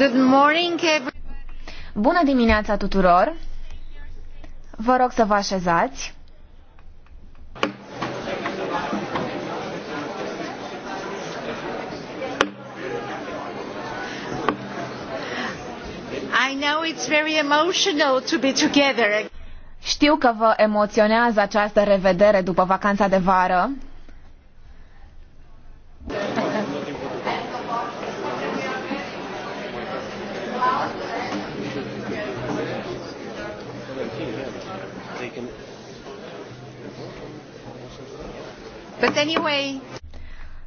Good morning, Bună dimineața tuturor! Vă rog să vă așezați. I know it's very emotional to be together. Știu că vă emoționează această revedere după vacanța de vară, But anyway...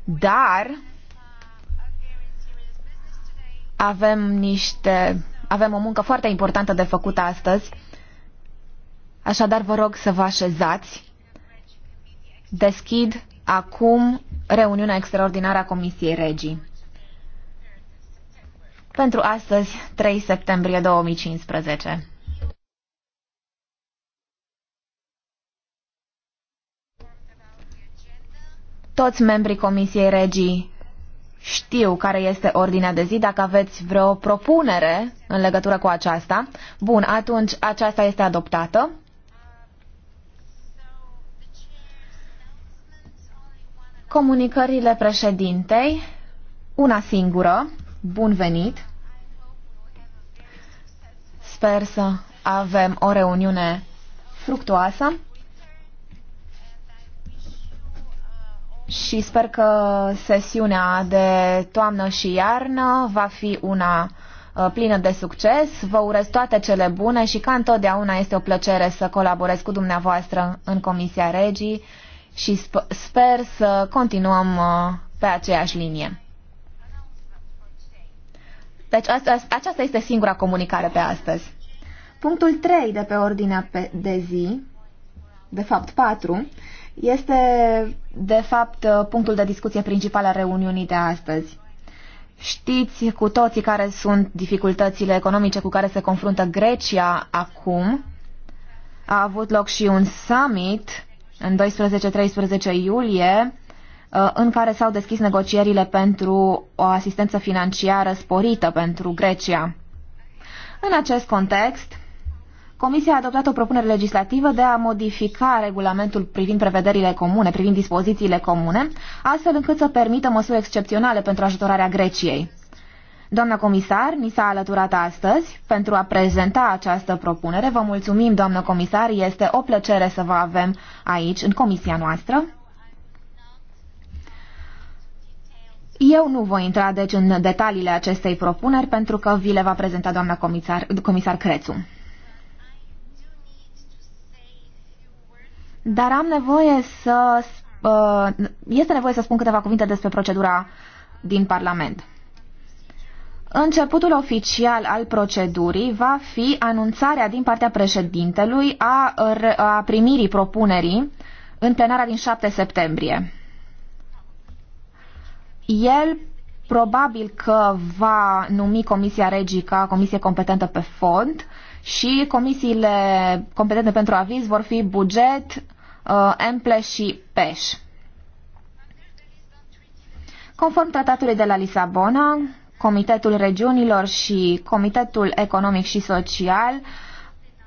Dar avem niște avem o muncă foarte importantă de făcut astăzi. Așadar vă rog să vă așezați. Deschid acum reuniunea extraordinară a Comisiei Regii. Pentru astăzi, 3 septembrie 2015. Toți membrii Comisiei Regii știu care este ordinea de zi. Dacă aveți vreo propunere în legătură cu aceasta, bun, atunci aceasta este adoptată. Comunicările președintei, una singură, bun venit. Sper să avem o reuniune fructuoasă. și sper că sesiunea de toamnă și iarnă va fi una uh, plină de succes. Vă urez toate cele bune și ca întotdeauna este o plăcere să colaborez cu dumneavoastră în Comisia Regii și sper să continuăm uh, pe aceeași linie. Deci aceasta este singura comunicare pe astăzi. Punctul 3 de pe ordinea de zi, de fapt 4, este, de fapt, uh, punctul de discuție principal al reuniunii de astăzi. Știți cu toții care sunt dificultățile economice cu care se confruntă Grecia acum. A avut loc și un summit în 12-13 iulie uh, în care s-au deschis negocierile pentru o asistență financiară sporită pentru Grecia. În acest context, Comisia a adoptat o propunere legislativă de a modifica regulamentul privind prevederile comune, privind dispozițiile comune, astfel încât să permită măsuri excepționale pentru ajutorarea Greciei. Doamna comisar, ni s-a alăturat astăzi pentru a prezenta această propunere. Vă mulțumim, doamnă comisar, este o plăcere să vă avem aici, în comisia noastră. Eu nu voi intra, deci, în detaliile acestei propuneri, pentru că vi le va prezenta doamna comisar, comisar Crețu. Dar am nevoie să... Uh, este nevoie să spun câteva cuvinte despre procedura din Parlament. Începutul oficial al procedurii va fi anunțarea din partea președintelui a, a primirii propunerii în plenara din 7 septembrie. El probabil că va numi Comisia Regii ca comisie competentă pe fond și comisiile competente pentru aviz vor fi buget, uh, Emple și PEș. Conform tratatului de la Lisabona, Comitetul Regiunilor și Comitetul Economic și Social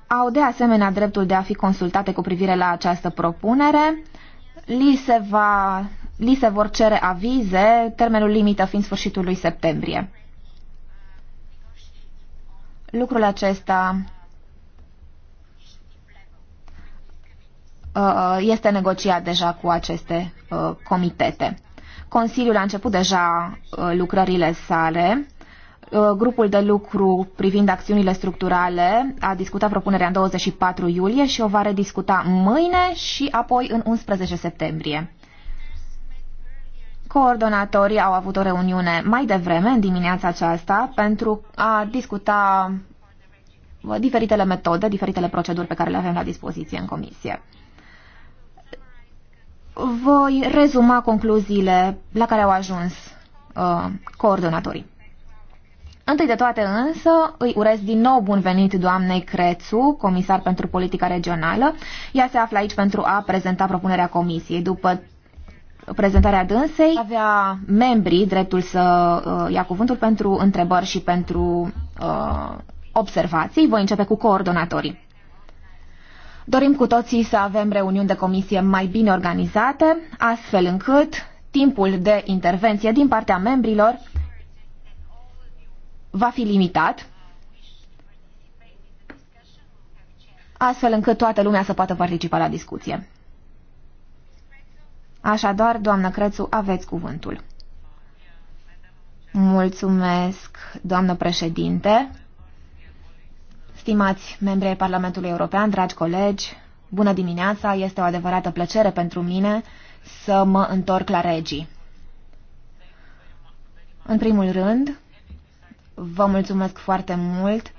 au de asemenea dreptul de a fi consultate cu privire la această propunere. Li se, va, li se vor cere avize, termenul limită fiind sfârșitul lui septembrie. Lucrul acesta Uh, uh, este negociat deja cu aceste uh, comitete. Consiliul a început deja lucrările sale. Grupul de lucru privind acțiunile structurale a discutat propunerea în 24 iulie și o va rediscuta mâine și apoi în 11 septembrie. Coordonatorii au avut o reuniune mai devreme, în dimineața aceasta, pentru a discuta diferitele metode, diferitele proceduri pe care le avem la dispoziție în comisie voi rezuma concluziile la care au ajuns uh, coordonatorii. Întâi de toate însă, îi urez din nou bun venit doamnei Crețu, comisar pentru politica regională. Ea se află aici pentru a prezenta propunerea comisiei. După prezentarea dânsei, avea membrii dreptul să uh, ia cuvântul pentru întrebări și pentru uh, observații. Voi începe cu coordonatorii. Dorim cu toții să avem reuniuni de comisie mai bine organizate, astfel încât timpul de intervenție din partea membrilor va fi limitat, astfel încât toată lumea să poată participa la discuție. Așadar, doamnă Crețu, aveți cuvântul. Mulțumesc, doamnă președinte. Stimați membri ai Parlamentului European, dragi colegi, bună dimineața, este o adevărată plăcere pentru mine să mă întorc la regii. În primul rând, vă mulțumesc foarte mult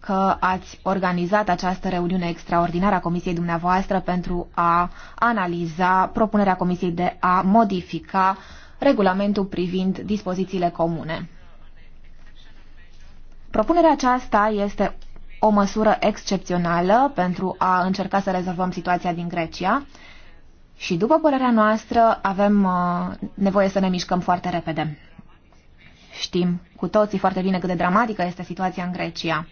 că ați organizat această reuniune extraordinară a Comisiei dumneavoastră pentru a analiza propunerea Comisiei de a modifica regulamentul privind dispozițiile comune. Propunerea aceasta este o măsură excepțională pentru a încerca să rezolvăm situația din Grecia și, după părerea noastră, avem uh, nevoie să ne mișcăm foarte repede. Știm cu toții foarte bine cât de dramatică este situația în Grecia.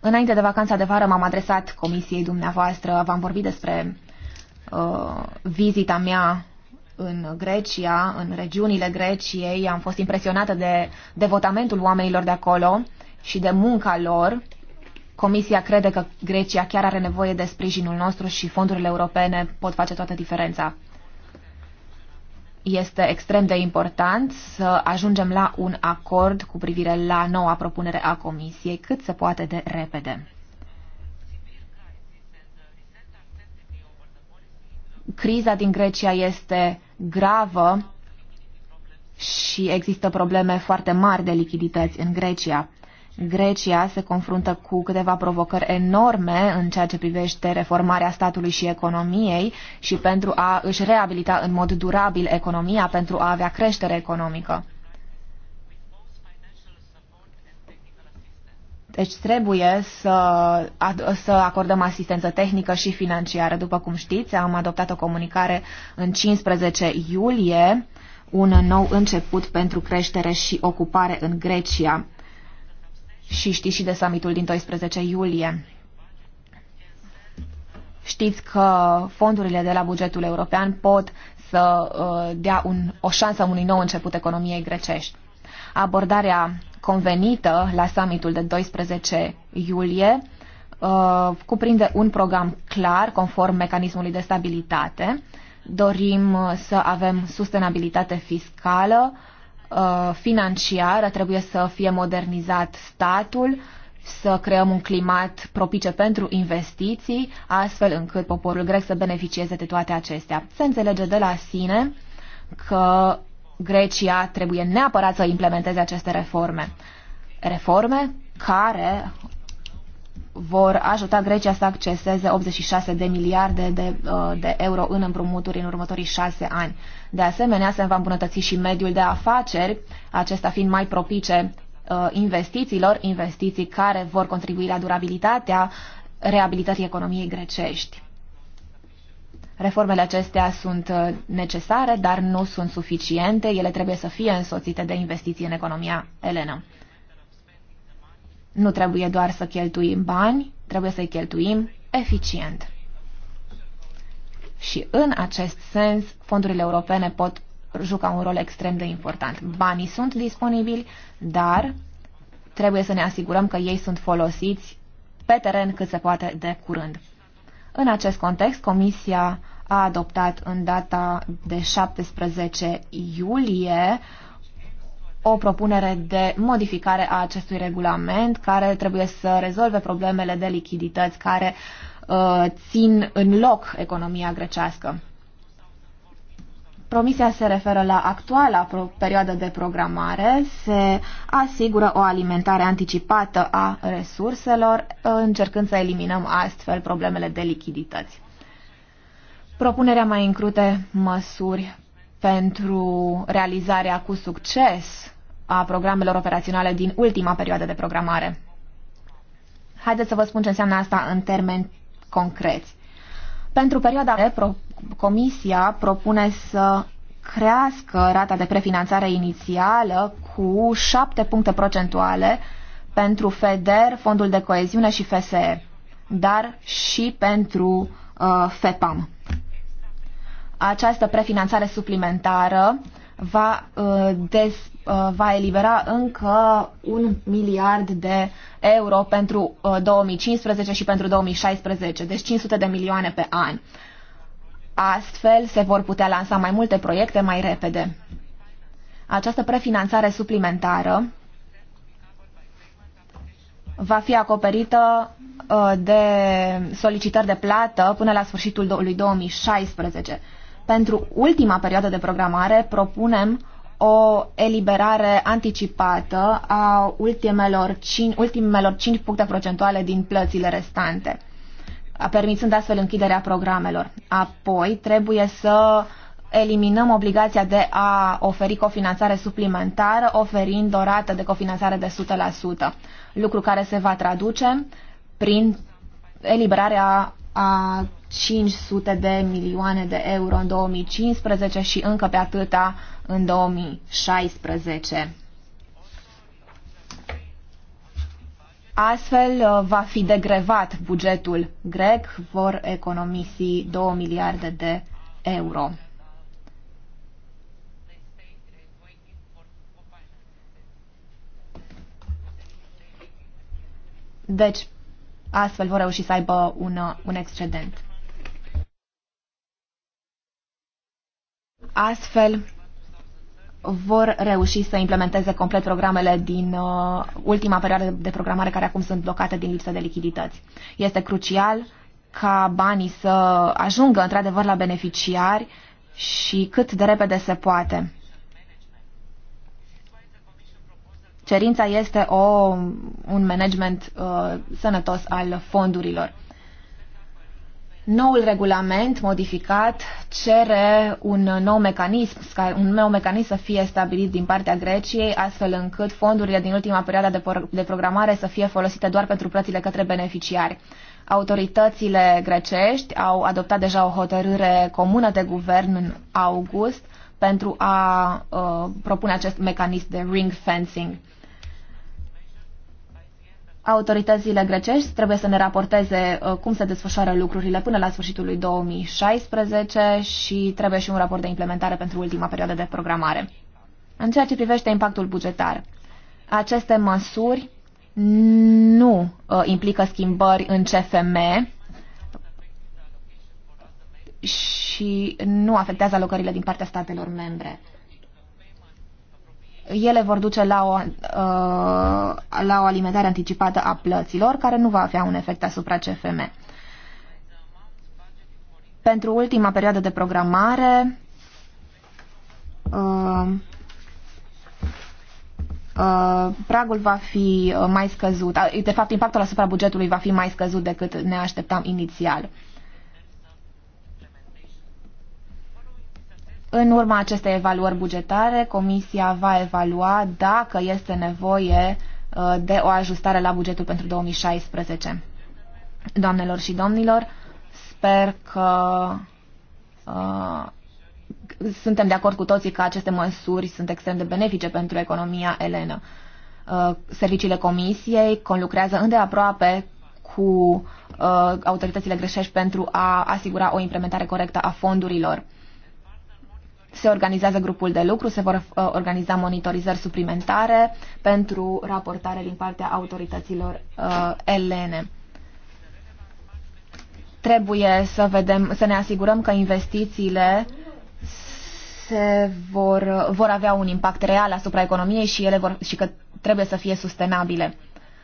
Înainte de vacanța de vară m-am adresat comisiei dumneavoastră, v-am vorbit despre uh, vizita mea în Grecia, în regiunile Greciei, am fost impresionată de devotamentul oamenilor de acolo și de munca lor. Comisia crede că Grecia chiar are nevoie de sprijinul nostru și fondurile europene pot face toată diferența. Este extrem de important să ajungem la un acord cu privire la noua propunere a Comisiei cât se poate de repede. Criza din Grecia este gravă și există probleme foarte mari de lichidități în Grecia. Grecia se confruntă cu câteva provocări enorme în ceea ce privește reformarea statului și economiei și pentru a își reabilita în mod durabil economia pentru a avea creștere economică. Deci trebuie să, să acordăm asistență tehnică și financiară. După cum știți, am adoptat o comunicare în 15 iulie, un nou început pentru creștere și ocupare în Grecia. Și știți și de summitul din 12 iulie. Știți că fondurile de la bugetul european pot să uh, dea un, o șansă unui nou început economiei grecești. Abordarea convenită la summitul de 12 iulie uh, cuprinde un program clar conform mecanismului de stabilitate. Dorim uh, să avem sustenabilitate fiscală, uh, financiară, trebuie să fie modernizat statul, să creăm un climat propice pentru investiții, astfel încât poporul grec să beneficieze de toate acestea. Se înțelege de la sine că Grecia trebuie neapărat să implementeze aceste reforme. Reforme care vor ajuta Grecia să acceseze 86 de miliarde de, uh, de euro în împrumuturi în următorii șase ani. De asemenea, se va îmbunătăți și mediul de afaceri, acesta fiind mai propice uh, investițiilor, investiții care vor contribui la durabilitatea reabilitării economiei grecești. Reformele acestea sunt uh, necesare, dar nu sunt suficiente. Ele trebuie să fie însoțite de investiții în economia elenă. Nu trebuie doar să cheltuim bani, trebuie să-i cheltuim eficient. Și în acest sens, fondurile europene pot juca un rol extrem de important. Banii sunt disponibili, dar trebuie să ne asigurăm că ei sunt folosiți pe teren cât se poate de curând. În acest context, Comisia a adoptat în data de 17 iulie o propunere de modificare a acestui regulament care trebuie să rezolve problemele de lichidități care uh, țin în loc economia grecească. Promisia se referă la actuala perioadă de programare, se asigură o alimentare anticipată a resurselor, uh, încercând să eliminăm astfel problemele de lichidități. Propunerea mai încrute măsuri pentru realizarea cu succes a programelor operaționale din ultima perioadă de programare. Haideți să vă spun ce înseamnă asta în termeni concreți. Pentru perioada Comisia propune să crească rata de prefinanțare inițială cu 7 puncte procentuale pentru FEDER, Fondul de Coeziune și FSE, dar și pentru uh, FEPAM. Această prefinanțare suplimentară va, uh, des, uh, va elibera încă un miliard de euro pentru 2015 uh, și pentru 2016, deci 500 de milioane pe an. Astfel se vor putea lansa mai multe proiecte mai repede. Această prefinanțare suplimentară va fi acoperită de solicitări de plată până la sfârșitul lui 2016 pentru ultima perioadă de programare propunem o eliberare anticipată a ultimelor 5, ultimelor 5 puncte procentuale din plățile restante, permițând astfel închiderea programelor. Apoi trebuie să eliminăm obligația de a oferi cofinanțare suplimentară, oferind o rată de cofinanțare de 100%, lucru care se va traduce prin eliberarea a 500 de milioane de euro în 2015 și încă pe atâta în 2016. Astfel uh, va fi degrevat bugetul grec, vor economisi 2 miliarde de euro. Deci, astfel vor reuși să aibă un, uh, un excedent. Astfel, vor reuși să implementeze complet programele din uh, ultima perioadă de programare care acum sunt blocate din lipsă de lichidități. Este crucial ca banii să ajungă într-adevăr la beneficiari și cât de repede se poate. Cerința este o, un management uh, sănătos al fondurilor. Noul regulament modificat cere un nou mecanism, un nou mecanism să fie stabilit din partea Greciei, astfel încât fondurile din ultima perioadă de, programare să fie folosite doar pentru plățile către beneficiari. Autoritățile grecești au adoptat deja o hotărâre comună de guvern în august pentru a uh, propune acest mecanism de ring fencing. Autoritățile grecești trebuie să ne raporteze uh, cum se desfășoară lucrurile până la sfârșitul lui 2016 și trebuie și un raport de implementare pentru ultima perioadă de programare. În ceea ce privește impactul bugetar, aceste măsuri nu uh, implică schimbări în CFM și nu afectează alocările din partea statelor membre ele vor duce la o, uh, la o alimentare anticipată a plăților, care nu va avea un efect asupra CFM. Pentru ultima perioadă de programare, uh, uh, pragul va fi mai scăzut, de fapt impactul asupra bugetului va fi mai scăzut decât ne așteptam inițial. În urma acestei evaluări bugetare, Comisia va evalua dacă este nevoie uh, de o ajustare la bugetul pentru 2016. Doamnelor și domnilor, sper că uh, suntem de acord cu toții că aceste măsuri sunt extrem de benefice pentru economia elenă. Uh, serviciile Comisiei conlucrează îndeaproape cu uh, autoritățile greșești pentru a asigura o implementare corectă a fondurilor. Se organizează grupul de lucru, se vor uh, organiza monitorizări suplimentare pentru raportare din partea autorităților uh, elene. Trebuie să, vedem, să ne asigurăm că investițiile se vor, vor avea un impact real asupra economiei și, ele vor, și că trebuie să fie sustenabile.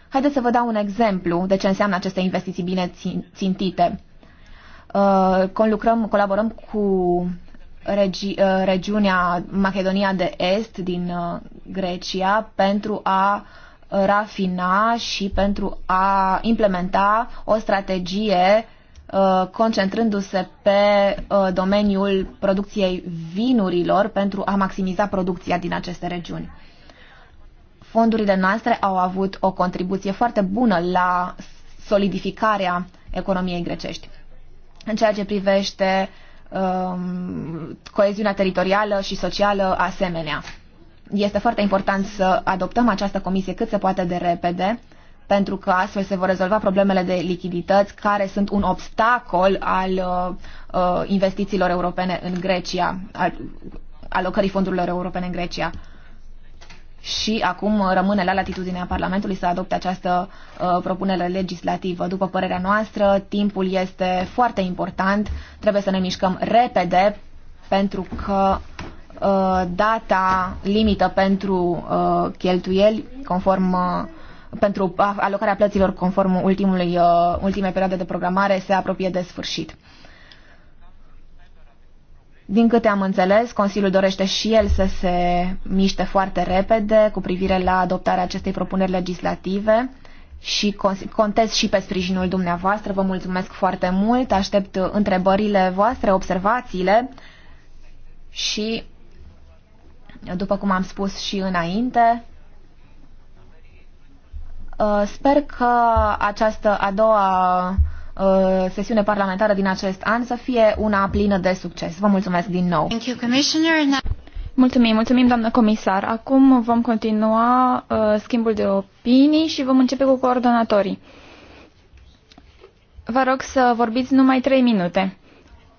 Haideți să vă dau un exemplu de ce înseamnă aceste investiții bine țintite. Uh, colaborăm cu regi, uh, regiunea Macedonia de Est din uh, Grecia pentru a rafina și pentru a implementa o strategie uh, concentrându-se pe domeniul producției vinurilor pentru a maximiza producția din aceste regiuni. Fondurile noastre au avut o contribuție foarte bună la solidificarea economiei grecești. În ceea ce privește uh, Um, coeziunea teritorială și socială asemenea. Este foarte important să adoptăm această comisie cât se poate de repede, pentru că astfel se vor rezolva problemele de lichidități care sunt un obstacol al uh, uh investițiilor europene în Grecia, al alocării fondurilor europene în Grecia și acum uh, rămâne la latitudinea Parlamentului să adopte această uh, propunere legislativă. După părerea noastră, timpul este foarte important, trebuie să ne mișcăm repede pentru că uh, data limită pentru uh, cheltuieli conform uh, pentru alocarea plăților conform ultimului, uh, ultimei perioade de programare se apropie de sfârșit. Din câte am înțeles, Consiliul dorește și el să se miște foarte repede cu privire la adoptarea acestei propuneri legislative și contez și pe sprijinul dumneavoastră. Vă mulțumesc foarte mult, aștept întrebările voastre, observațiile și, după cum am spus și înainte, uh, sper că această a doua Uh, sesiune parlamentară din acest an să fie una plină de succes. Vă mulțumesc din nou. Thank you, Commissioner. Mulțumim, mulțumim, doamnă comisar. Acum vom continua uh, schimbul de opinii și vom începe cu coordonatorii. Vă rog să vorbiți numai trei minute.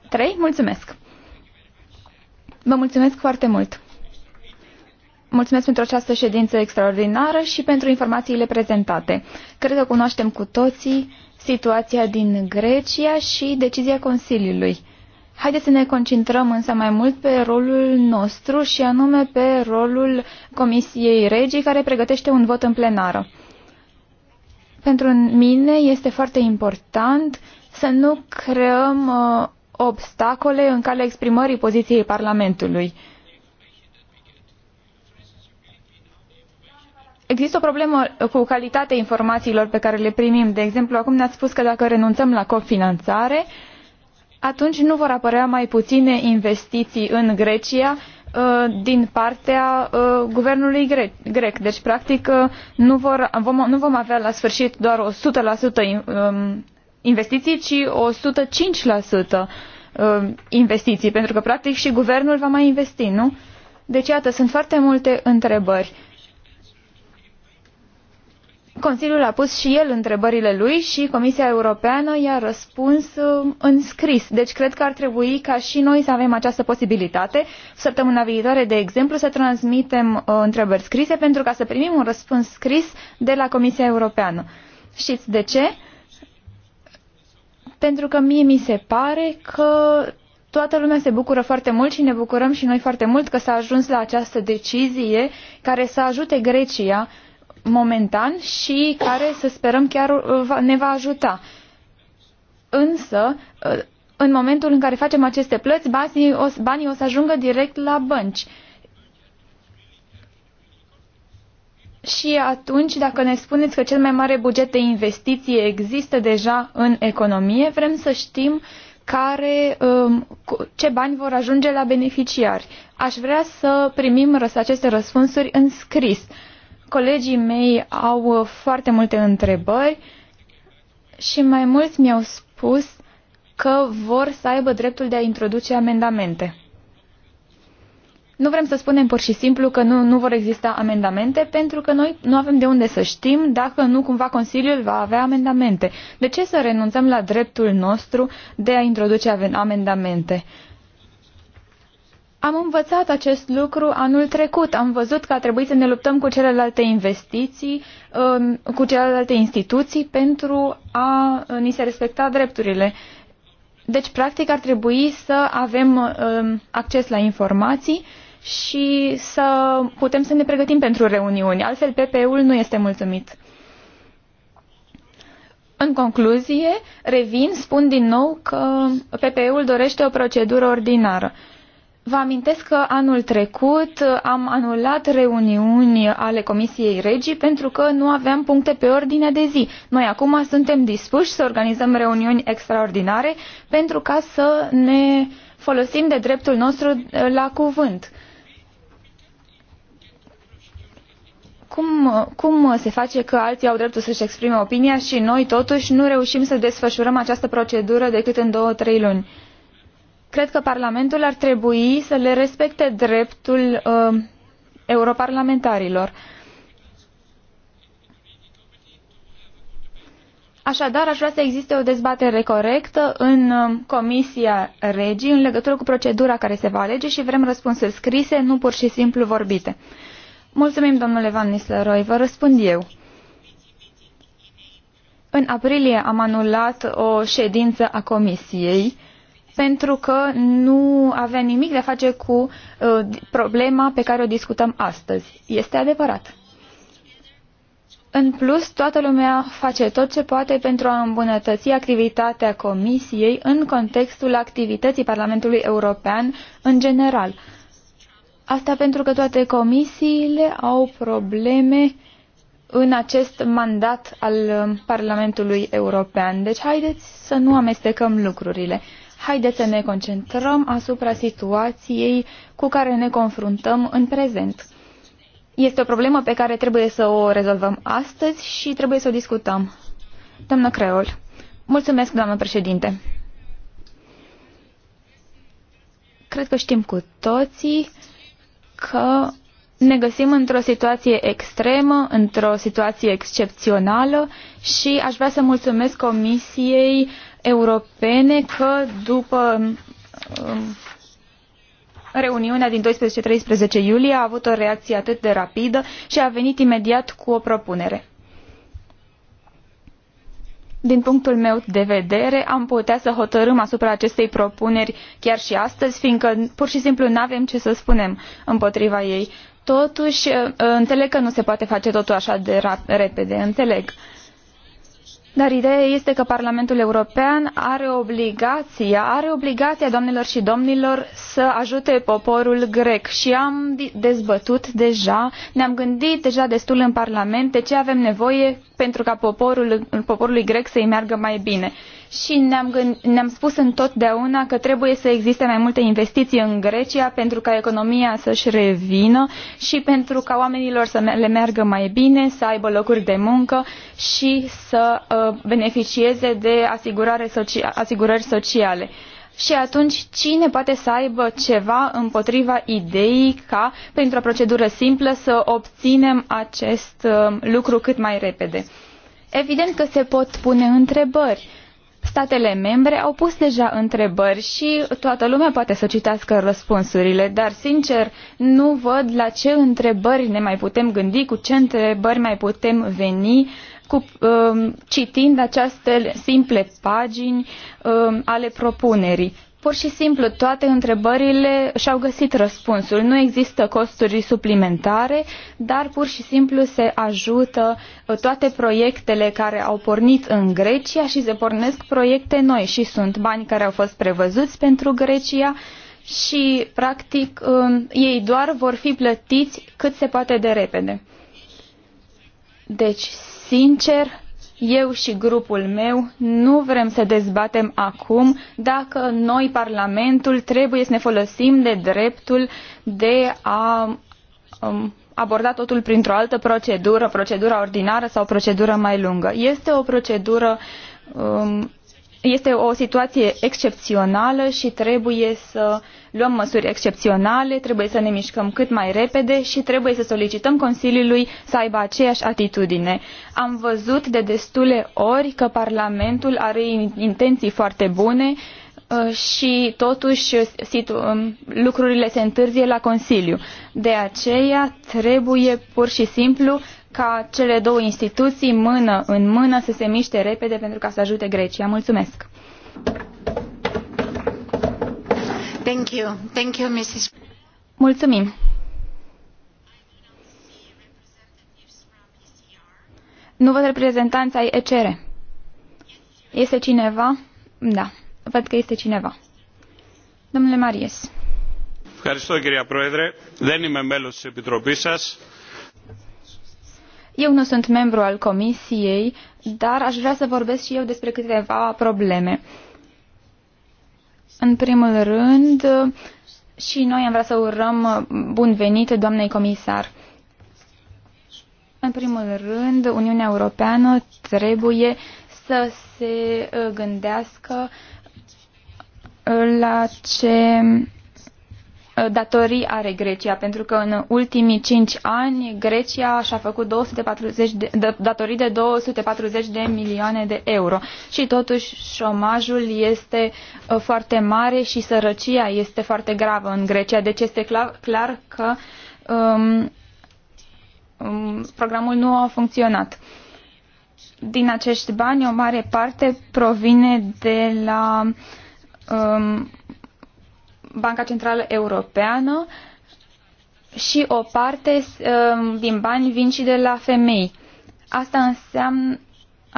Trei? Mulțumesc. Vă mulțumesc foarte mult. Mulțumesc pentru această ședință extraordinară și pentru informațiile prezentate. Cred că cunoaștem cu toții situația din Grecia și decizia Consiliului. Haideți să ne concentrăm însă mai mult pe rolul nostru și anume pe rolul Comisiei Regii care pregătește un vot în plenară. Pentru mine este foarte important să nu creăm uh, obstacole în calea exprimării poziției Parlamentului. Uh, Există o problemă uh, cu calitatea informațiilor pe care le primim. De exemplu, acum ne-ați spus că dacă renunțăm la cofinanțare, atunci nu vor apărea mai puține investiții în Grecia uh, din partea uh, guvernului grec. Deci, practic, nu, vor, vom, nu vom avea la sfârșit doar 100% um, investiții, ci 105% um, investiții, pentru că, practic, și guvernul va mai investi, nu? Deci, iată, sunt foarte multe întrebări Consiliul a pus și el întrebările lui și Comisia Europeană i-a răspuns uh, în scris. Deci cred că ar trebui ca și noi să avem această posibilitate. Săptămâna viitoare, de exemplu, să transmitem uh, întrebări scrise pentru ca să primim un răspuns scris de la Comisia Europeană. Știți de ce? Pentru că mie mi se pare că toată lumea se bucură foarte mult și ne bucurăm și noi foarte mult că s-a ajuns la această decizie care să ajute Grecia momentan și care, să sperăm, chiar uh, ne va ajuta. Însă, uh, în momentul în care facem aceste plăți, banii o, banii o să ajungă direct la bănci. Și atunci, dacă ne spuneți că cel mai mare buget de investiție există deja în economie, vrem să știm care, um, ce bani vor ajunge la beneficiari. Aș vrea să primim aceste răspunsuri în scris Colegii mei au uh, foarte multe întrebări și mai mulți mi-au spus că vor să aibă dreptul de a introduce amendamente. Nu vrem să spunem pur și simplu că nu, nu vor exista amendamente, pentru că noi nu avem de unde să știm dacă nu cumva Consiliul va avea amendamente. De ce să renunțăm la dreptul nostru de a introduce amendamente? Am învățat acest lucru anul trecut. Am văzut că a trebuit să ne luptăm cu celelalte investiții, um, cu celelalte instituții pentru a uh, ni se respecta drepturile. Deci, practic, ar trebui să avem um, acces la informații și să putem să ne pregătim pentru reuniuni. Altfel, PPE-ul nu este mulțumit. În concluzie, revin, spun din nou că PPE-ul dorește o procedură ordinară. Vă amintesc că anul trecut am anulat reuniuni ale Comisiei Regii pentru că nu aveam puncte pe ordine de zi. Noi acum suntem dispuși să organizăm reuniuni extraordinare pentru ca să ne folosim de dreptul nostru la cuvânt. Cum, cum se face că alții au dreptul să-și exprime opinia și noi totuși nu reușim să desfășurăm această procedură decât în două-trei luni? Cred că Parlamentul ar trebui să le respecte dreptul uh, europarlamentarilor. Așadar, aș vrea să existe o dezbatere corectă în uh, Comisia Regii în legătură cu procedura care se va alege și vrem răspunsuri scrise, nu pur și simplu vorbite. Mulțumim, domnule Van Nistelrooy, vă răspund eu. În aprilie am anulat o ședință a Comisiei pentru că nu avea nimic de a face cu uh, problema pe care o discutăm astăzi. Este adevărat. În plus, toată lumea face tot ce poate pentru a îmbunătăți activitatea Comisiei în contextul activității Parlamentului European în general. Asta pentru că toate comisiile au probleme în acest mandat al Parlamentului European. Deci haideți să nu amestecăm lucrurile haideți să ne concentrăm asupra situației cu care ne confruntăm în prezent. Este o problemă pe care trebuie să o rezolvăm astăzi și trebuie să o discutăm. Doamnă Creol, mulțumesc, doamnă președinte. Cred că știm cu toții că ne găsim într-o situație extremă, într-o situație excepțională și aș vrea să mulțumesc Comisiei europene că după um, reuniunea din 12-13 iulie a avut o reacție atât de rapidă și a venit imediat cu o propunere. Din punctul meu de vedere, am putea să hotărâm asupra acestei propuneri chiar și astăzi, fiindcă pur și simplu nu avem ce să spunem împotriva ei. Totuși, înțeleg că nu se poate face totul așa de repede, înțeleg. Uh, dar ideea este că Parlamentul European are obligația, are obligația, doamnelor și domnilor, să ajute poporul grec. Și am dezbătut deja, ne-am gândit deja destul în Parlament de ce avem nevoie pentru ca poporul, poporului grec să-i meargă mai bine și ne-am, gând- ne-am spus întotdeauna că trebuie să existe mai multe investiții în Grecia pentru ca economia să-și revină și pentru ca oamenilor să le meargă mai bine, să aibă locuri de muncă și să uh, beneficieze de asigurare asigurări sociale. Și atunci, cine poate să aibă ceva împotriva ideii ca, printr o procedură simplă, să obținem acest uh, lucru cât mai repede? Evident că se pot pune întrebări statele membre au pus deja întrebări și toată lumea poate să citească răspunsurile, dar sincer nu văd la ce întrebări ne mai putem gândi, cu ce întrebări mai putem veni cu, um, citind aceste simple pagini um, ale propunerii. Pur și simplu, toate întrebările și-au găsit răspunsul. Nu există costuri suplimentare, dar pur și simplu se ajută uh, toate proiectele care au pornit în Grecia și se pornesc proiecte noi și sunt bani care au fost prevăzuți pentru Grecia și, practic, um, ei doar vor fi plătiți cât se poate de repede. Deci, sincer, eu și grupul meu nu vrem să dezbatem acum dacă noi, Parlamentul, trebuie să ne folosim de dreptul de a um, aborda totul printr-o altă procedură, procedura ordinară sau procedură mai lungă. Este o procedură, um, este o situație excepțională și trebuie să uh, luăm măsuri excepționale, trebuie să ne mișcăm cât mai repede și trebuie să solicităm Consiliului să aibă aceeași atitudine. Am văzut de destule ori că Parlamentul are intenții foarte bune uh, și totuși uh, um, lucrurile se întârzie la Consiliu. De aceea trebuie pur și simplu ca cele două instituții mână în mână să se miște repede pentru ca să ajute Grecia. Mulțumesc! Mulțumim. Nu văd reprezentanța ai ECR. Este cineva? Da, văd că este cineva. Domnule Maries. Ευχαριστώ κυρία Πρόεδρε. Δεν είμαι μέλος της Επιτροπής σας. Eu nu sunt membru al comisiei, dar aș vrea să vorbesc și eu despre câteva probleme. Uh, în primul rând, și noi am vrea să urăm bun venit doamnei comisar. În primul rând, Uniunea Europeană trebuie să se uh, gândească la ce datorii are Grecia, pentru că în ultimii cinci ani Grecia și-a făcut 240 de, de, datorii de 240 de milioane de euro și totuși șomajul este uh, foarte mare și sărăcia este foarte gravă în Grecia, deci este clar, clar că um, um, programul nu a funcționat. Din acești bani, o mare parte provine de la um, Banca Centrală Europeană și o parte um, din bani vin și de la femei. Asta înseamnă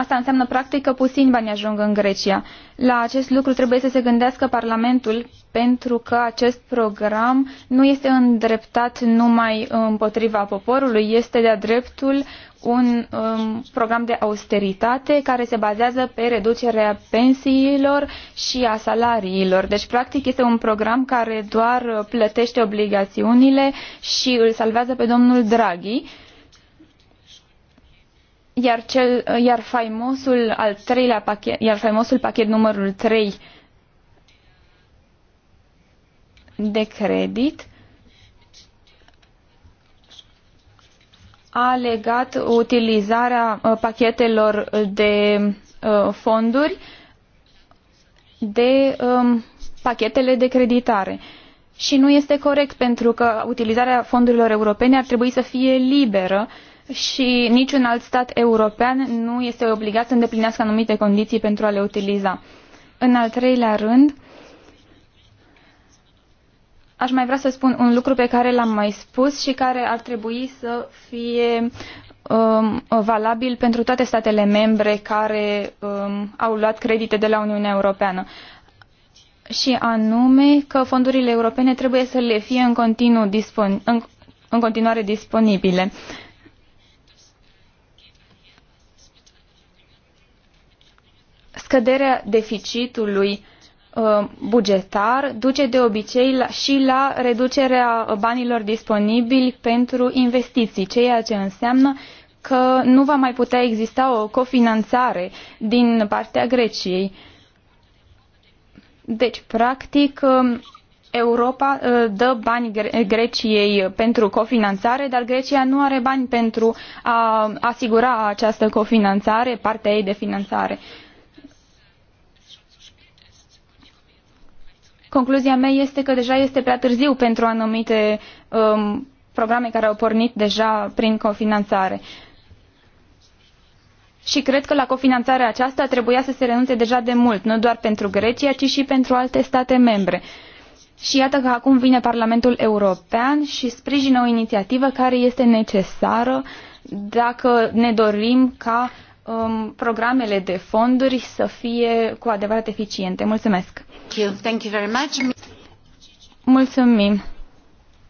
Asta înseamnă practic că puțin bani ajung în Grecia. La acest lucru trebuie să se gândească Parlamentul pentru că acest program nu este îndreptat numai împotriva poporului, este de-a dreptul un um, program de austeritate care se bazează pe reducerea pensiilor și a salariilor. Deci, practic, este un program care doar plătește obligațiunile și îl salvează pe domnul Draghi iar, cel, iar faimosul al treilea pachet, iar faimosul pachet numărul 3 de credit a legat utilizarea uh, pachetelor de uh, fonduri de um, pachetele de creditare. Și nu este corect pentru că utilizarea fondurilor europene ar trebui să fie liberă uh, și niciun alt stat european nu este obligat să îndeplinească anumite condiții pentru a le utiliza. În al treilea rând, aș mai vrea să spun un lucru pe care l-am mai spus și care ar trebui să fie um, valabil pentru toate statele membre care um, au luat credite de la Uniunea Europeană și anume că fondurile europene trebuie să le fie în, continuu dispon- în, în continuare disponibile. Uh, Scăderea deficitului uh, bugetar duce de obicei la, și la reducerea banilor disponibili pentru investiții, ceea ce înseamnă că nu va mai putea exista o cofinanțare din partea Greciei. Deci, practic, um, Europa uh, dă bani Greciei pentru cofinanțare, dar Grecia nu are bani pentru a asigura această cofinanțare, partea ei de finanțare. Concluzia mea este că deja este prea târziu pentru anumite um, programe care au pornit deja prin cofinanțare. Și cred că la cofinanțarea aceasta trebuia să se renunțe deja de mult, nu doar pentru Grecia, ci și pentru alte state membre. Și iată că acum vine Parlamentul European și sprijină o inițiativă care este necesară dacă ne dorim ca um, programele de fonduri să fie cu adevărat eficiente. Mulțumesc! Mulțumim.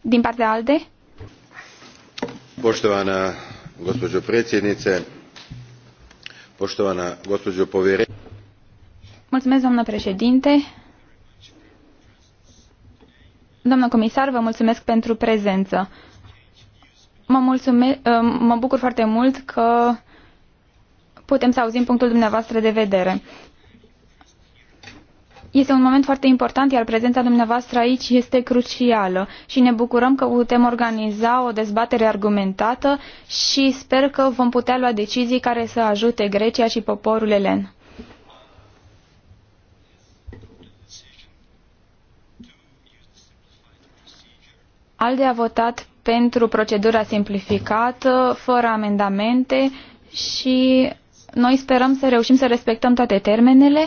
Din partea ALDE? Poštovana gospođo predsjednice, poštovana gospođo povjerenice. Mulțumesc, doamnă președinte. Doamnă comisar, vă mulțumesc pentru prezență. Mă, mulțume, ă, mă bucur foarte mult că putem să auzim punctul dumneavoastră de vedere. Este un moment foarte important, iar prezența dumneavoastră aici este crucială și ne bucurăm că putem organiza o dezbatere argumentată și sper că vom putea lua decizii care să ajute Grecia și poporul elen. ALDE a votat pentru procedura simplificată, fără amendamente și noi sperăm să reușim să respectăm toate termenele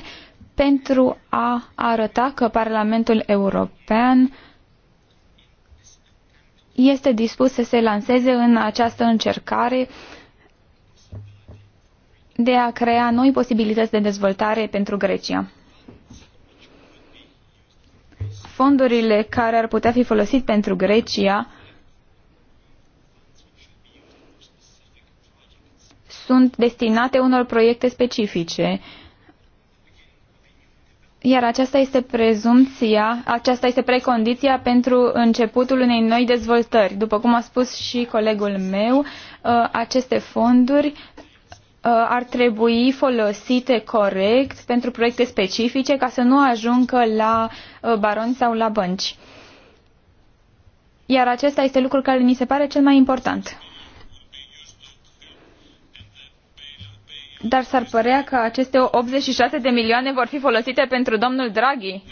pentru a arăta că Parlamentul European este dispus să se lanseze în această încercare de a crea noi posibilități de dezvoltare pentru Grecia. Fondurile care ar putea fi folosit pentru Grecia sunt destinate unor proiecte specifice iar aceasta este prezumția, aceasta este precondiția pentru începutul unei noi dezvoltări. După cum a spus și colegul meu, uh, aceste fonduri uh, ar trebui folosite corect pentru proiecte specifice ca să nu ajungă la uh, baroni sau la bănci. Iar acesta este lucrul care mi se pare cel mai important. Dar s-ar părea că aceste 86 de milioane vor fi folosite pentru domnul Draghi.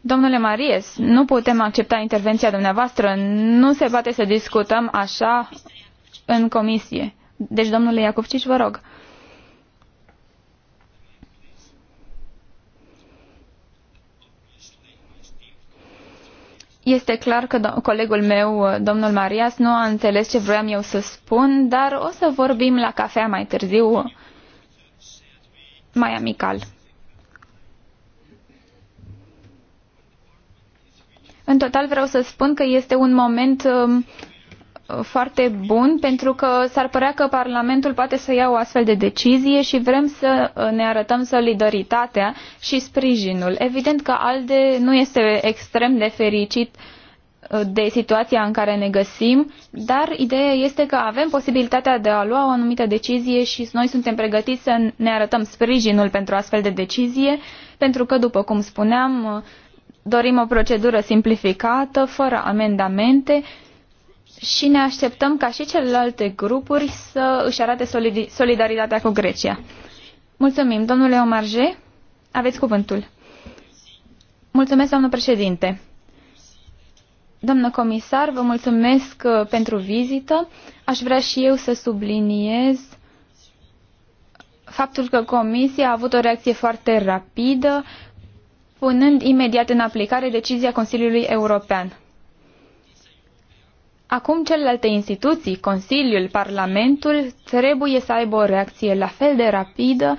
Domnule Maries, nu putem accepta intervenția dumneavoastră. Nu se poate să discutăm așa în comisie. Deci, domnule Iacovcici, vă rog. Este clar că colegul meu, uh, domnul Marias, nu a înțeles ce vroiam eu să spun, dar o să vorbim la cafea mai târziu, mai amical. În total vreau să spun că este un moment um, Uh, foarte bun pentru că s-ar părea că Parlamentul poate să ia o astfel de decizie și vrem să uh, ne arătăm solidaritatea și sprijinul. Evident că ALDE nu este extrem de fericit uh, de situația în care ne găsim, dar ideea este că avem posibilitatea de a lua o anumită decizie și noi suntem pregătiți să ne arătăm sprijinul pentru astfel de decizie, pentru că, după cum spuneam, dorim o procedură simplificată, fără amendamente și ne așteptăm ca și celelalte grupuri să își arate solidaritatea cu Grecia. Mulțumim. Domnule Omarje, aveți cuvântul. Mulțumesc, domnul președinte. Domnul comisar, vă mulțumesc uh, pentru vizită. Aș vrea și eu să subliniez faptul că Comisia a avut o reacție foarte rapidă, punând imediat în aplicare decizia Consiliului European. Acum celelalte instituții, Consiliul, Parlamentul, trebuie să aibă o reacție la fel de rapidă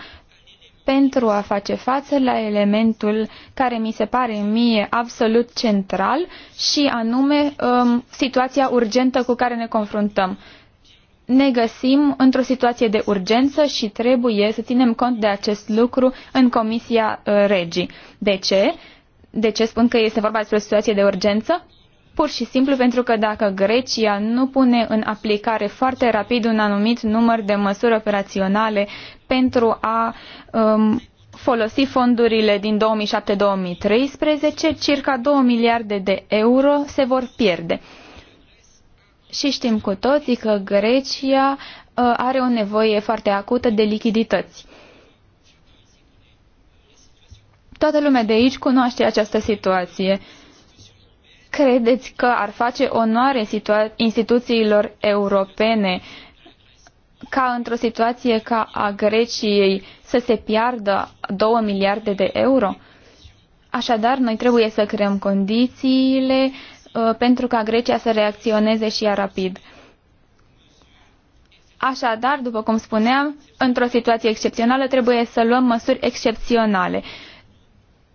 pentru a face față la elementul care mi se pare mie absolut central și anume um, situația urgentă cu care ne confruntăm. Ne găsim într-o situație de urgență și trebuie să ținem cont de acest lucru în Comisia uh, Regii. De ce? De ce spun că este vorba despre o situație de urgență? pur și simplu pentru că dacă Grecia nu pune în aplicare foarte rapid un anumit număr de măsuri operaționale pentru a um, folosi fondurile din 2007-2013, circa 2 miliarde de euro se vor pierde. Și știm cu toții că Grecia uh, are o nevoie foarte acută de lichidități. Toată lumea de aici cunoaște această situație credeți că ar face onoare instituțiilor europene ca într-o situație ca a Greciei să se piardă 2 miliarde de euro? Așadar, noi trebuie să creăm condițiile uh, pentru ca Grecia să reacționeze și ea rapid. Așadar, după cum spuneam, într-o situație excepțională trebuie să luăm măsuri excepționale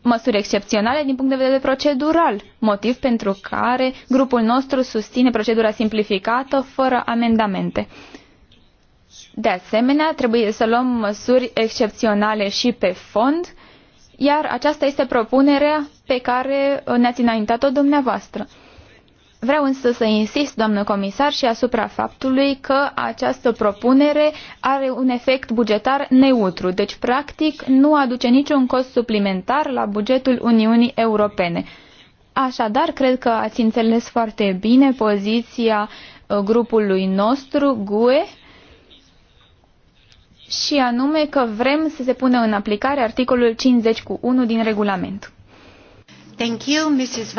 măsuri excepționale din punct de vedere procedural, motiv pentru care grupul nostru susține procedura simplificată fără amendamente. De asemenea, trebuie să luăm măsuri excepționale și pe fond, iar aceasta este propunerea pe care ne-ați înaintat-o dumneavoastră. Vreau însă să insist, doamnă comisar, și asupra faptului că această propunere are un efect bugetar neutru, deci practic nu aduce niciun cost suplimentar la bugetul Uniunii Europene. Așadar, cred că ați înțeles foarte bine poziția uh, grupului nostru, GUE, și anume că vrem să se pună în aplicare articolul 50 cu 1 din regulament. Mulțumim you, Mrs.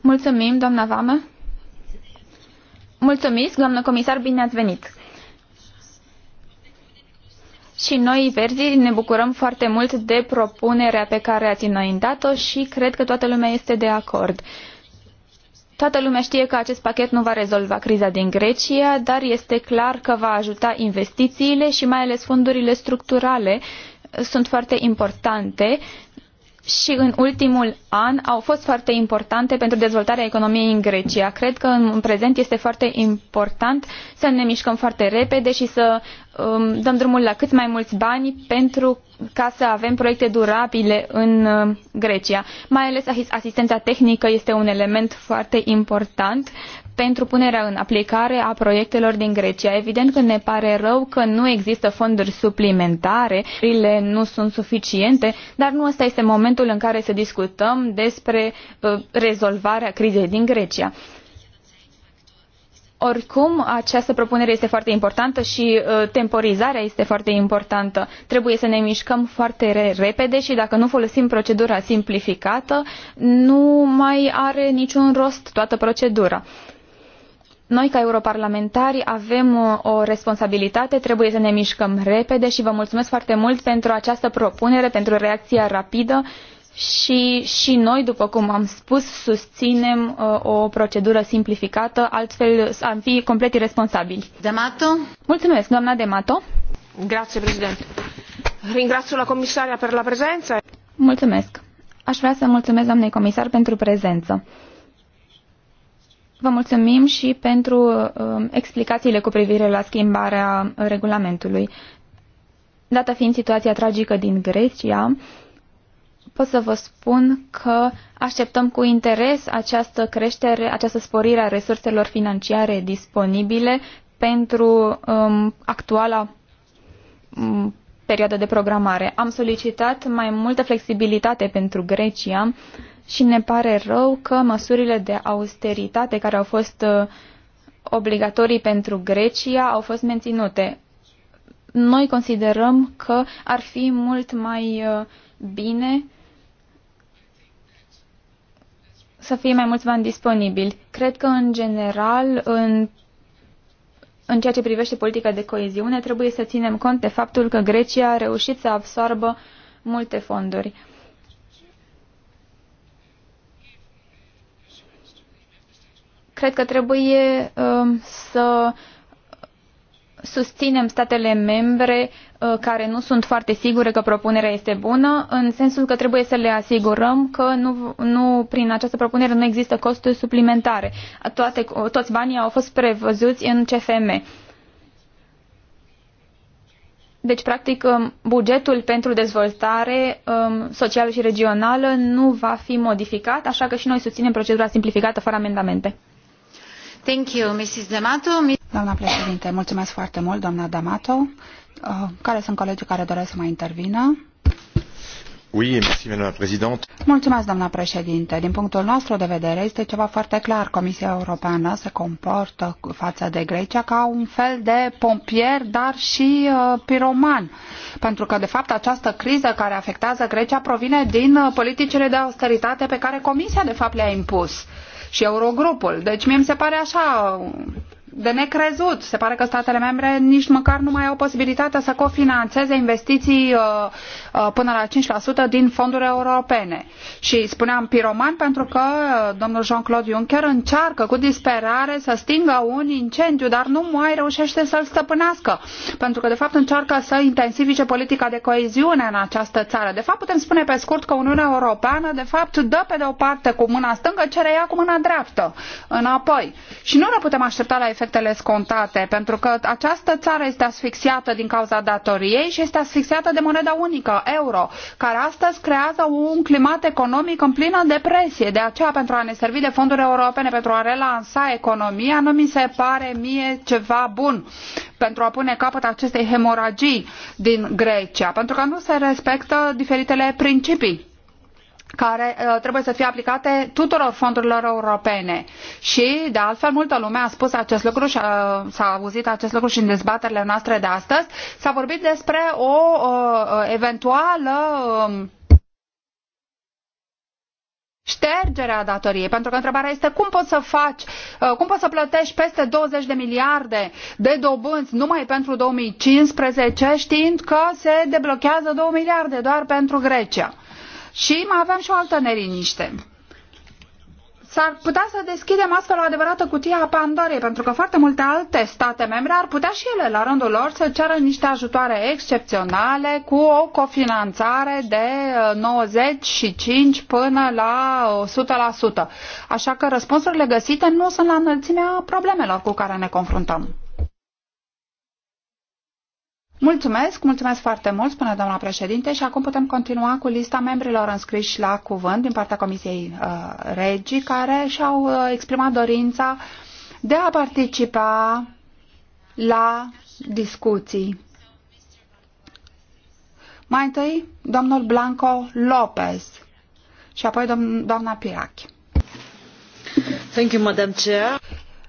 Mulțumim, doamna Vamă. Mulțumesc, doamnă comisar, bine ați venit. Și noi, verzii, ne bucurăm foarte mult de propunerea pe care ați înaintat-o și cred că toată lumea este de acord. Toată lumea știe că acest pachet nu va rezolva criza din Grecia, dar este clar că va ajuta investițiile și mai ales fondurile structurale sunt foarte importante și în ultimul an au fost foarte importante pentru dezvoltarea economiei în Grecia. Cred că în prezent este foarte important să ne mișcăm foarte repede și să um, dăm drumul la cât mai mulți bani pentru ca să avem proiecte durabile în uh, Grecia. Mai ales asistența tehnică este un element foarte important pentru punerea în aplicare a proiectelor din Grecia. Evident că ne pare rău că nu există fonduri suplimentare, ele nu sunt suficiente, dar nu ăsta este momentul momentul în care să discutăm despre uh, rezolvarea crizei din Grecia. Oricum, această propunere este foarte importantă și uh, temporizarea este foarte importantă. Trebuie să ne mișcăm foarte re repede și dacă nu folosim procedura simplificată, nu mai are niciun rost toată procedura. Uh, noi, ca europarlamentari, avem uh, o responsabilitate, trebuie să ne mișcăm repede și vă mulțumesc foarte mult pentru această propunere, pentru reacția rapidă și, și noi, după cum am spus, susținem uh, o procedură simplificată, altfel am fi complet irresponsabili. Demato? Mulțumesc, doamna Demato. Grazie, președinte. Ringrazio la comisaria per la prezență. Mulțumesc. Aș vrea să mulțumesc doamnei comisar pentru prezență. Vă mulțumim și pentru um, explicațiile cu privire la schimbarea regulamentului. Dată fiind situația tragică din Grecia, pot să vă spun că așteptăm cu interes această creștere, această sporire a resurselor financiare disponibile pentru um, actuala um, perioadă de programare. Am solicitat mai multă flexibilitate pentru Grecia și ne pare rău că măsurile de austeritate care au fost uh, obligatorii pentru Grecia au fost menținute. Noi considerăm că ar fi mult mai uh, bine să fie mai mulți bani disponibili. Cred că, în general, în, în ceea ce privește politica de coeziune, trebuie să ținem cont de faptul că Grecia a reușit să absorbă multe fonduri. Cred că trebuie um, să susținem statele membre uh, care nu sunt foarte sigure că propunerea este bună, în sensul că trebuie să le asigurăm că nu, nu prin această propunere nu există costuri suplimentare. Toate, toți banii au fost prevăzuți în CFM. Deci, practic, um, bugetul pentru dezvoltare um, socială și regională nu va fi modificat, așa că și noi susținem procedura simplificată fără amendamente. Thank you, Mrs. D'Amato. Doamna președinte, mulțumesc foarte mult, doamna D'Amato. Uh, care sunt colegii care doresc să mai intervină? Oui, merci, doamna președinte. Mulțumesc, doamna președinte. Din punctul nostru de vedere, este ceva foarte clar. Comisia Europeană se comportă față de Grecia ca un fel de pompier, dar și uh, piroman. Pentru că, de fapt, această criză care afectează Grecia provine din uh, politicile de austeritate pe care Comisia, de fapt, le-a impus. Uh, și Eurogrupul. Deci mie mi se pare așa de necrezut. Se pare că statele membre nici măcar nu mai au posibilitatea să cofinanțeze investiții uh, uh, până la 5% din fonduri europene. Și spuneam piroman pentru că uh, domnul Jean-Claude Juncker încearcă cu disperare să stingă un incendiu, dar nu mai reușește să-l stăpânească, pentru că de fapt încearcă să intensifice politica de coeziune în această țară. De fapt putem spune pe scurt că Uniunea Europeană de fapt dă pe de o parte cu mâna stângă, cere ea cu mâna dreaptă înapoi. Și nu ne putem aștepta la efectele scontate, pentru că această țară este asfixiată din cauza datoriei și este asfixiată de moneda unică, euro, care astăzi creează un climat economic în plină depresie. De aceea, pentru a ne servi de fonduri europene, pentru a relansa economia, nu mi se pare mie ceva bun pentru a pune capăt acestei hemoragii din Grecia, pentru că nu se respectă diferitele principii care uh, trebuie să fie aplicate tuturor fondurilor europene. Și, de altfel, multă lume a spus acest lucru și uh, s-a auzit acest lucru și în dezbaterile noastre de astăzi. S-a vorbit despre o uh, eventuală um, a datoriei. Pentru că întrebarea este cum poți să faci, uh, cum poți să plătești peste 20 de miliarde de dobânzi numai pentru 2015, știind că se deblochează 2 miliarde doar pentru Grecia. Și mai aveam și o altă neriniște. S-ar putea să deschidem astfel o adevărată cutie a Pandorei, pentru că foarte multe alte state membre ar putea și ele, la rândul lor, să ceară niște ajutoare excepționale cu o cofinanțare de 95 uh, până la 100%. Așa că răspunsurile găsite nu sunt la înălțimea problemelor cu care ne confruntăm. Mulțumesc, mulțumesc foarte mult, spune doamna președinte, și acum putem continua cu lista membrilor înscriși la cuvânt din partea Comisiei uh, Regii, care și-au uh, exprimat dorința de a participa la discuții. Mai întâi, domnul Blanco Lopez și apoi domn, doamna Pirachi. Thank you, Madam Chair.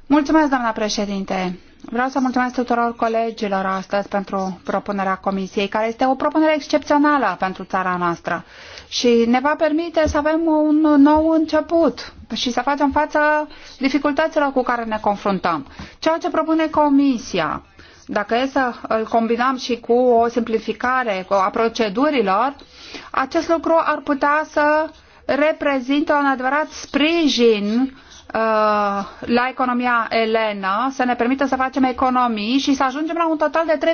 Mulțumesc, doamna președinte. Vreau să mulțumesc tuturor colegilor astăzi pentru propunerea Comisiei, care este o propunere excepțională pentru țara noastră și ne va permite să avem un nou început și să facem față dificultăților cu care ne confruntăm. Ceea ce propune Comisia, dacă e să îl combinăm și cu o simplificare a procedurilor, acest lucru ar putea să reprezintă un adevărat sprijin uh, la economia Elena, să ne permită să facem economii și să ajungem la un total de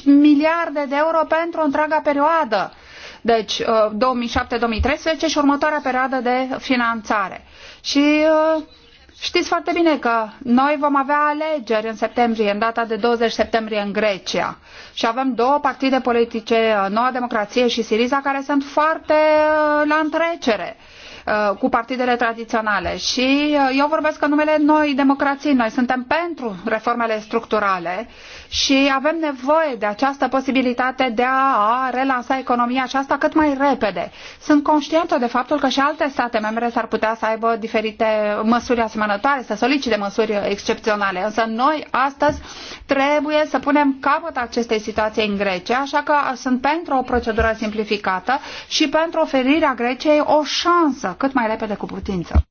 3,5 miliarde de euro pentru întreaga perioadă. Deci 2007-2013 uh, și următoarea perioadă de finanțare. Și uh, știți foarte bine că noi vom avea alegeri în septembrie, în data de 20 septembrie în Grecia. Și avem două partide politice, uh, Noua Democrație și Siriza, care sunt foarte la întrecere. Uh, cu partidele tradiționale. Și uh, eu vorbesc în numele noi democrații. Noi suntem pentru reformele structurale și avem nevoie de această posibilitate de a relansa economia asta cât mai repede. Sunt conștientă de faptul că și alte state membre s-ar putea să aibă diferite măsuri asemănătoare, să solicite măsuri excepționale. Însă noi astăzi trebuie să punem capăt acestei situații în Grecia, așa că sunt pentru o procedură simplificată și pentru oferirea Greciei o șansă cât mai repede cu putință.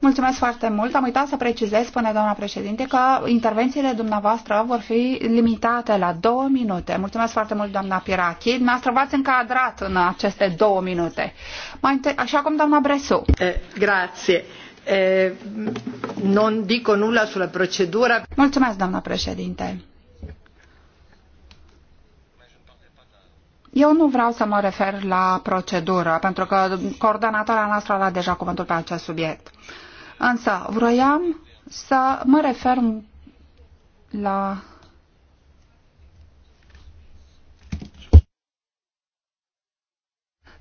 Mulțumesc foarte mult. Am uitat să precizez, spune doamna președinte, că intervențiile dumneavoastră vor fi limitate la două minute. Mulțumesc foarte mult, doamna Pirachi. Noastră v-ați încadrat în aceste două minute. Mai inter... Așa cum doamna Bresu. Eh, grazie. Eh, non dico nulla sulla procedura. Mulțumesc, doamna președinte. Eu nu vreau să mă refer la procedură, pentru că coordonatoarea noastră a luat deja cuvântul pe acest subiect. Însă, vroiam să mă refer la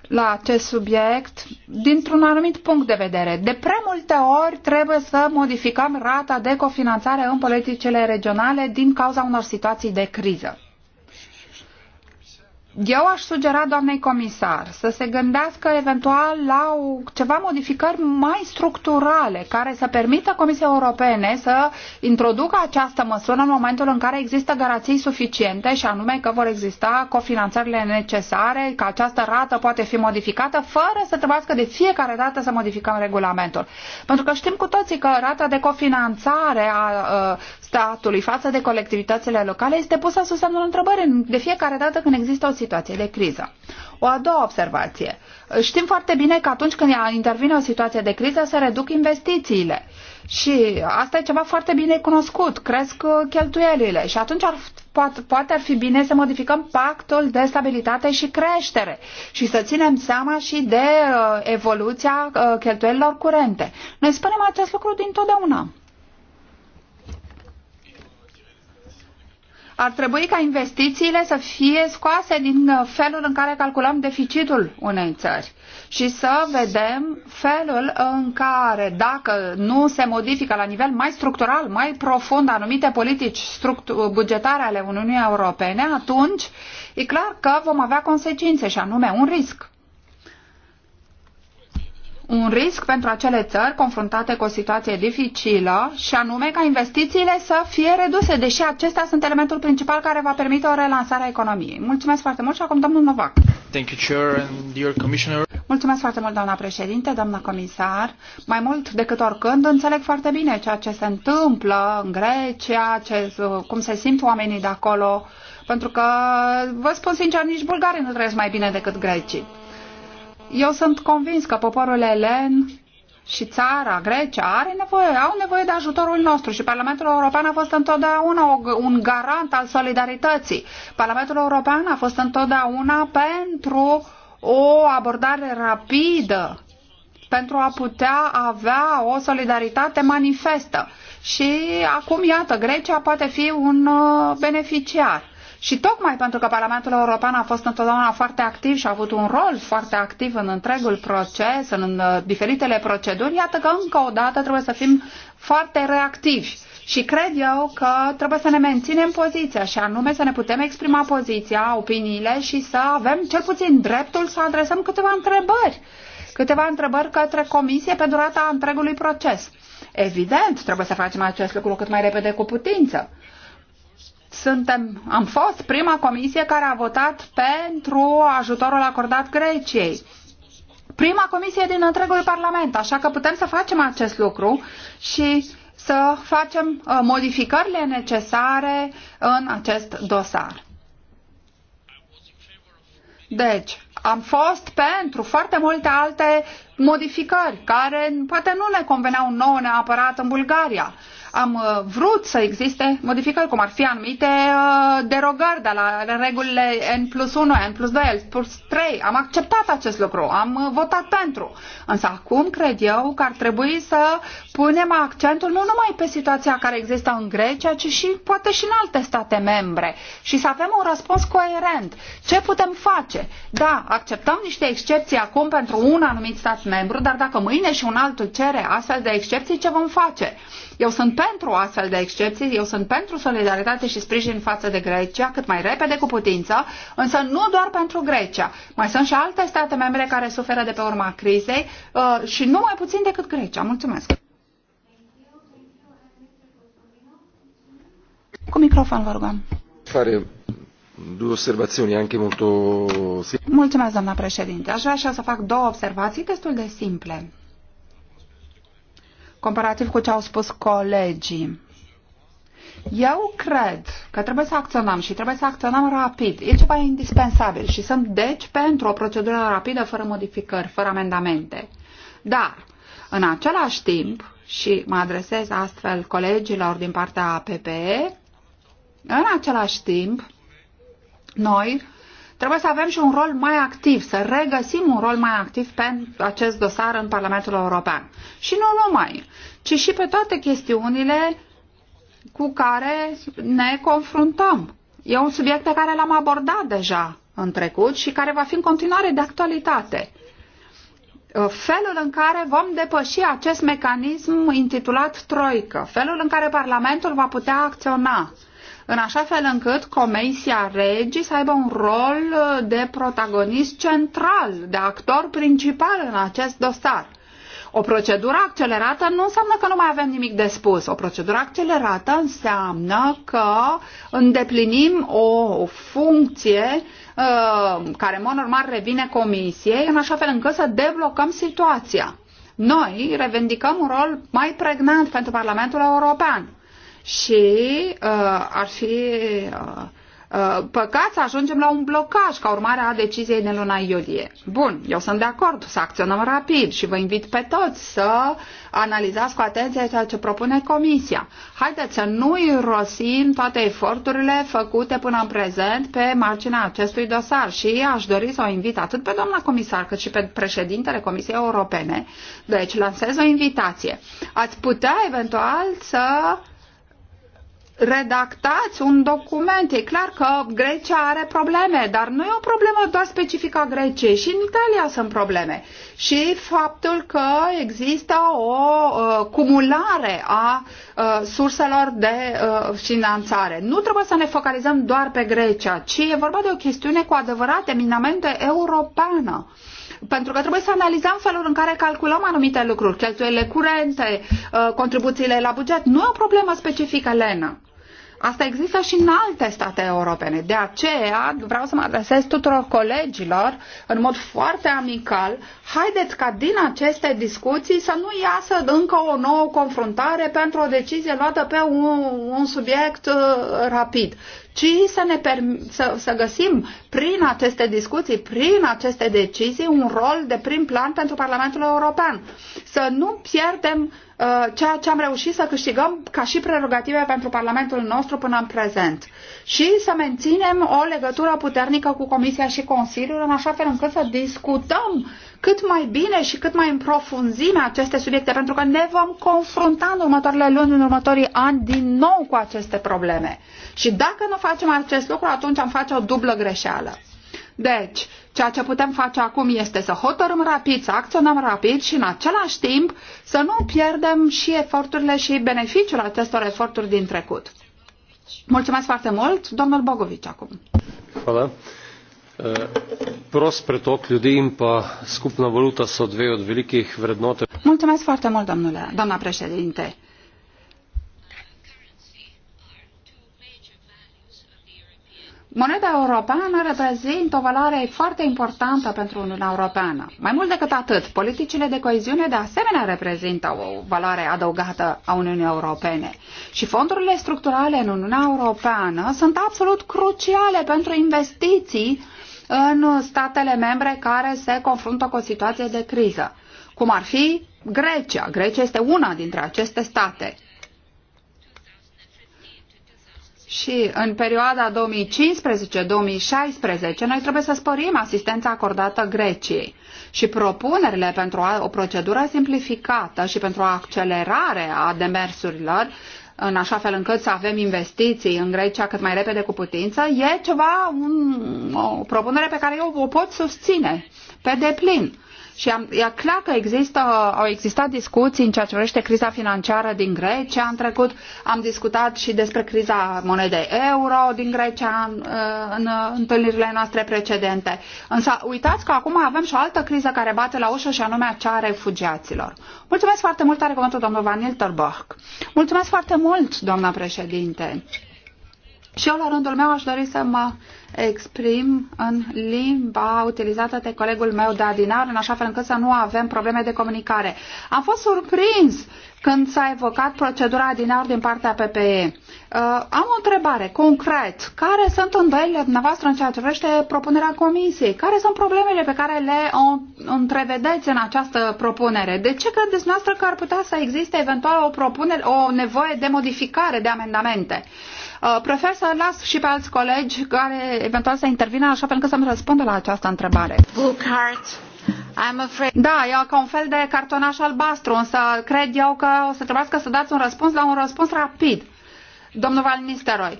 la acest subiect dintr-un anumit punct de vedere. De prea multe ori trebuie să modificăm rata de cofinanțare în politicile regionale din cauza unor situații de criză. Eu aș sugera doamnei comisar să se gândească eventual la o, ceva modificări mai structurale care să permită Comisiei Europene să introducă această măsură în momentul în care există garanții suficiente și anume că vor exista cofinanțările necesare, că această rată poate fi modificată fără să trebuiască de fiecare dată să modificăm regulamentul. Pentru că știm cu toții că rata de cofinanțare a, a uh, statului față de colectivitățile locale este pusă sub semnul întrebării de fiecare dată când există o situație de criză. O a doua observație. Știm foarte bine că atunci când intervine o situație de criză se reduc investițiile. Și asta e ceva foarte bine cunoscut, cresc uh, cheltuielile și atunci ar, poate, poate ar fi bine să modificăm pactul de stabilitate și creștere și să ținem seama și de uh, evoluția uh, cheltuielilor curente. Noi spunem acest lucru dintotdeauna. ar trebui ca investițiile să fie scoase din uh, felul în care calculăm deficitul unei țări și să vedem felul în care, dacă nu se modifică la nivel mai structural, mai profund anumite politici bugetare ale Uniunii Europene, atunci e clar că vom avea consecințe și anume un risc un risc pentru acele țări confruntate cu o situație dificilă și anume ca investițiile să fie reduse, deși acestea sunt elementul principal care va permite o relansare a economiei. Mulțumesc foarte mult și acum domnul Novak. Thank you, Chair and dear Commissioner. Mulțumesc foarte mult, doamna președinte, doamna comisar. Mai mult decât oricând, înțeleg foarte bine ceea ce se întâmplă în Grecia, ce, cum se simt oamenii de acolo, pentru că, vă spun sincer, nici bulgarii nu trăiesc mai bine decât grecii eu sunt convins că poporul elen și țara, Grecia, are nevoie, au nevoie de ajutorul nostru și Parlamentul European a fost întotdeauna un garant al solidarității. Parlamentul European a fost întotdeauna pentru o abordare rapidă pentru a putea avea o solidaritate manifestă. Și acum, iată, Grecia poate fi un uh, beneficiar. Și tocmai pentru că Parlamentul European a fost întotdeauna foarte activ și a avut un rol foarte activ în întregul proces, în uh, diferitele proceduri, iată că încă o dată trebuie să fim foarte reactivi. Și cred eu că trebuie să ne menținem poziția și anume să ne putem exprima poziția, opiniile și să avem cel puțin dreptul să adresăm câteva întrebări. Câteva întrebări către comisie pe durata întregului proces. Evident, trebuie să facem acest lucru cât mai repede cu putință suntem, am fost prima comisie care a votat pentru ajutorul acordat Greciei. Prima comisie din întregul Parlament, așa că putem să facem acest lucru și să facem uh, modificările necesare în acest dosar. Deci, am fost pentru foarte multe alte modificări care poate nu ne conveneau nouă neapărat în Bulgaria am uh, vrut să existe modificări, cum ar fi anumite uh, derogări de la regulile N plus 1, N plus 2, N plus 3. Am acceptat acest lucru, am uh, votat pentru. Însă acum cred eu că ar trebui să punem accentul nu numai pe situația care există în Grecia, ci și poate și în alte state membre și să avem un răspuns coerent. Ce putem face? Da, acceptăm niște excepții acum pentru un anumit stat membru, dar dacă mâine și un altul cere astfel de excepții, ce vom face? Eu sunt pentru astfel de excepții, eu sunt pentru solidaritate și sprijin față de Grecia, cât mai repede cu putință, însă nu doar pentru Grecia. Mai sunt și alte state membre care suferă de pe urma crizei uh, și nu mai puțin decât Grecia. Mulțumesc! Cu microfon, vă rugăm. Fare Două observații, anche molto... Mulțumesc, doamna președinte. Aș vrea și să fac două observații destul de simple comparativ cu ce au spus colegii. Eu cred că trebuie să acționăm și trebuie să acționăm rapid. E ceva indispensabil și sunt deci pentru o procedură rapidă, fără modificări, fără amendamente. Dar, în același timp, și mă adresez astfel colegilor din partea PPE, în același timp, noi Trebuie să avem și un rol mai activ, să regăsim un rol mai activ pe acest dosar în Parlamentul European. Și nu numai, ci și pe toate chestiunile cu care ne confruntăm. E un subiect pe care l-am abordat deja în trecut și care va fi în continuare de actualitate felul în care vom depăși acest mecanism intitulat Troică, felul în care Parlamentul va putea acționa, în așa fel încât Comisia Regii să aibă un rol uh, de protagonist central, de actor principal în acest dosar. O procedură accelerată nu înseamnă că nu mai avem nimic de spus. O procedură accelerată înseamnă că îndeplinim o funcție uh, care, în mod normal, revine comisiei, în așa fel încât să deblocăm situația. Noi revendicăm un rol mai pregnant pentru Parlamentul European și uh, ar fi uh, uh, păcat să ajungem la un blocaj ca urmare a deciziei de luna iulie. Bun, eu sunt de acord să acționăm rapid și vă invit pe toți să analizați cu atenție ceea ce propune Comisia. Haideți să nu irosim toate eforturile făcute până în prezent pe marginea acestui dosar și aș dori să o invit atât pe doamna comisar cât și pe președintele Comisiei Europene. Deci lansez o invitație. Ați putea eventual să redactați un document. E clar că Grecia are probleme, dar nu e o problemă doar specifică a Greciei. Și în Italia sunt probleme. Și faptul că există o uh, cumulare a uh, surselor de uh, finanțare. Nu trebuie să ne focalizăm doar pe Grecia, ci e vorba de o chestiune cu adevărat eminamente europeană. Uh, pentru că trebuie să analizăm felul în care calculăm anumite lucruri, cheltuielile curente, uh, contribuțiile la buget. Nu e o problemă specifică, lena. Asta există și în alte state europene. De aceea vreau să mă adresez tuturor colegilor în mod foarte amical. Haideți ca din aceste discuții să nu iasă încă o nouă confruntare pentru o decizie luată pe un, un subiect uh, rapid, ci să, ne să, să găsim prin aceste discuții, prin aceste decizii, un rol de prim plan pentru Parlamentul European. Să nu pierdem uh, ceea ce am reușit să câștigăm ca și prerogative pentru Parlamentul nostru până în prezent. Și să menținem o legătură puternică cu Comisia și Consiliul în așa fel încât să discutăm cât mai bine și cât mai în profunzime aceste subiecte, pentru că ne vom confrunta în următoarele luni, în următorii ani, din nou cu aceste probleme. Și dacă nu facem acest lucru, atunci am face o dublă greșeală. Deci, ceea ce putem face acum este să hotărâm rapid, să acționăm rapid și în același timp să nu pierdem și eforturile și beneficiul acestor eforturi din trecut. Mulțumesc foarte mult, domnul Bogovici acum. Hello prost pretok ljudi in pa skupna valuta so dve od velikih vrednot. Mulțumesc foarte mult, domnule, doamna președinte. Moneda europeană reprezintă o valoare foarte importantă pentru Uniunea Europeană. Mai mult decât atât, politicile de coeziune de asemenea reprezintă o valoare adăugată a Uniunii Europene. Și fondurile structurale în Uniunea Europeană sunt absolut cruciale pentru investiții în statele membre care se confruntă cu o situație de criză, cum ar fi Grecia. Grecia este una dintre aceste state. Și în perioada 2015-2016 noi trebuie să sporim asistența acordată Greciei și propunerile pentru o procedură simplificată și pentru o accelerare a demersurilor în așa fel încât să avem investiții în Grecia cât mai repede cu putință, e ceva, un, o propunere pe care eu o pot susține pe deplin. Și am, e clar că există, au existat discuții în ceea ce privește criza financiară din Grecia în trecut. Am discutat și despre criza monedei euro din Grecia în, uh, în uh, întâlnirile noastre precedente. Însă uitați că acum avem și o altă criză care bate la ușă și anume a refugiaților. Mulțumesc foarte mult, are cuvântul domnul Van Ilterbach. Mulțumesc foarte mult, doamna președinte. Și eu, la rândul meu, aș dori să mă exprim în limba utilizată de colegul meu de adinar, în așa fel încât să nu avem probleme de comunicare. Am fost surprins când s-a evocat procedura adinar din partea PPE. Uh, am o întrebare, concret. Care sunt îndoielile dumneavoastră în ceea ce vrește propunerea comisiei? Care sunt problemele pe care le întrevedeți în această propunere? De ce credeți noastră că ar putea să existe eventual o, propunere, o nevoie de modificare, de amendamente? Uh, Uh, prefer să las și pe alți colegi care eventual să intervină așa fel încât să-mi răspundă la această întrebare. Bucart. I'm afraid... Da, e ca un fel de cartonaș albastru, însă cred eu că o să trebuiască să dați un răspuns la un răspuns rapid. Domnul Val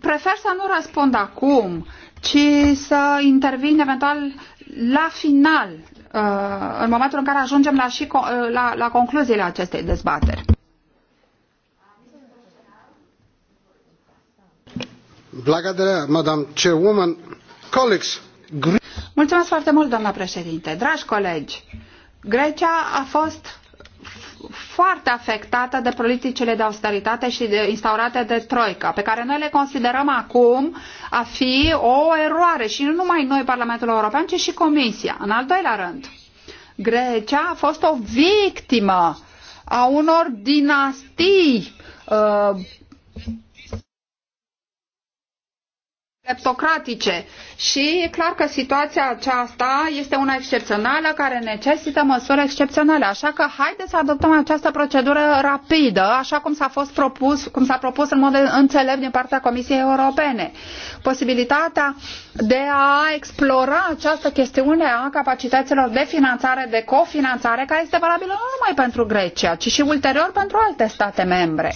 prefer să nu răspund acum, ci să intervin eventual la final, uh, în momentul în care ajungem la, și, uh, la, la concluziile acestei dezbateri. Mulțumesc foarte mult, doamna președinte. Dragi colegi, Grecia a fost foarte afectată de politicile de austeritate și de, instaurate de Troica, pe care noi le considerăm acum a fi o eroare și nu numai noi, Parlamentul European, ci și Comisia. În al doilea rând, Grecia a fost o victimă a unor dinastii uh, cleptocratice și e clar că situația aceasta este una excepțională care necesită măsuri excepționale. Așa că haideți să adoptăm această procedură rapidă, așa cum s-a fost propus, cum s-a propus în mod înțelept din partea Comisiei Europene. Posibilitatea de a explora această chestiune a capacităților de finanțare, de cofinanțare, care este valabilă nu numai pentru Grecia, ci și ulterior pentru alte state membre.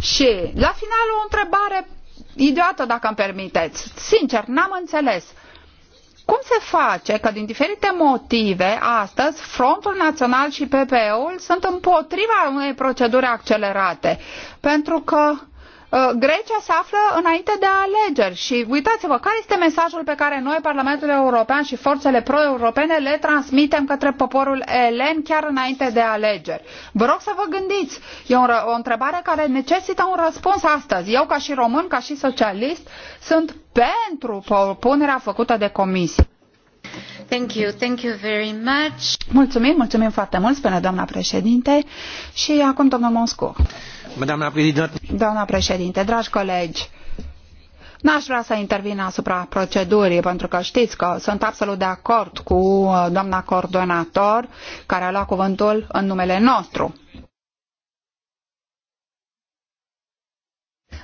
Și la final o întrebare idiotă, dacă îmi permiteți. Sincer, n-am înțeles. Cum se face că din diferite motive astăzi Frontul Național și PPE-ul sunt împotriva unei proceduri accelerate? Pentru că Uh, Grecia se află înainte de alegeri și uitați-vă care este mesajul pe care noi, Parlamentul European și forțele pro-europene le transmitem către poporul elen chiar înainte de alegeri. Vă rog să vă gândiți, e o, o întrebare care necesită un răspuns astăzi. Eu ca și român, ca și socialist, sunt pentru propunerea făcută de comisie. Mulțumim, mulțumim foarte mult, spune doamna președinte. Și acum domnul Monscu. Doamna președinte. Doamna președinte, dragi colegi, N-aș vrea să intervin asupra procedurii, pentru că știți că sunt absolut de acord cu uh, doamna coordonator, care a luat cuvântul în numele nostru.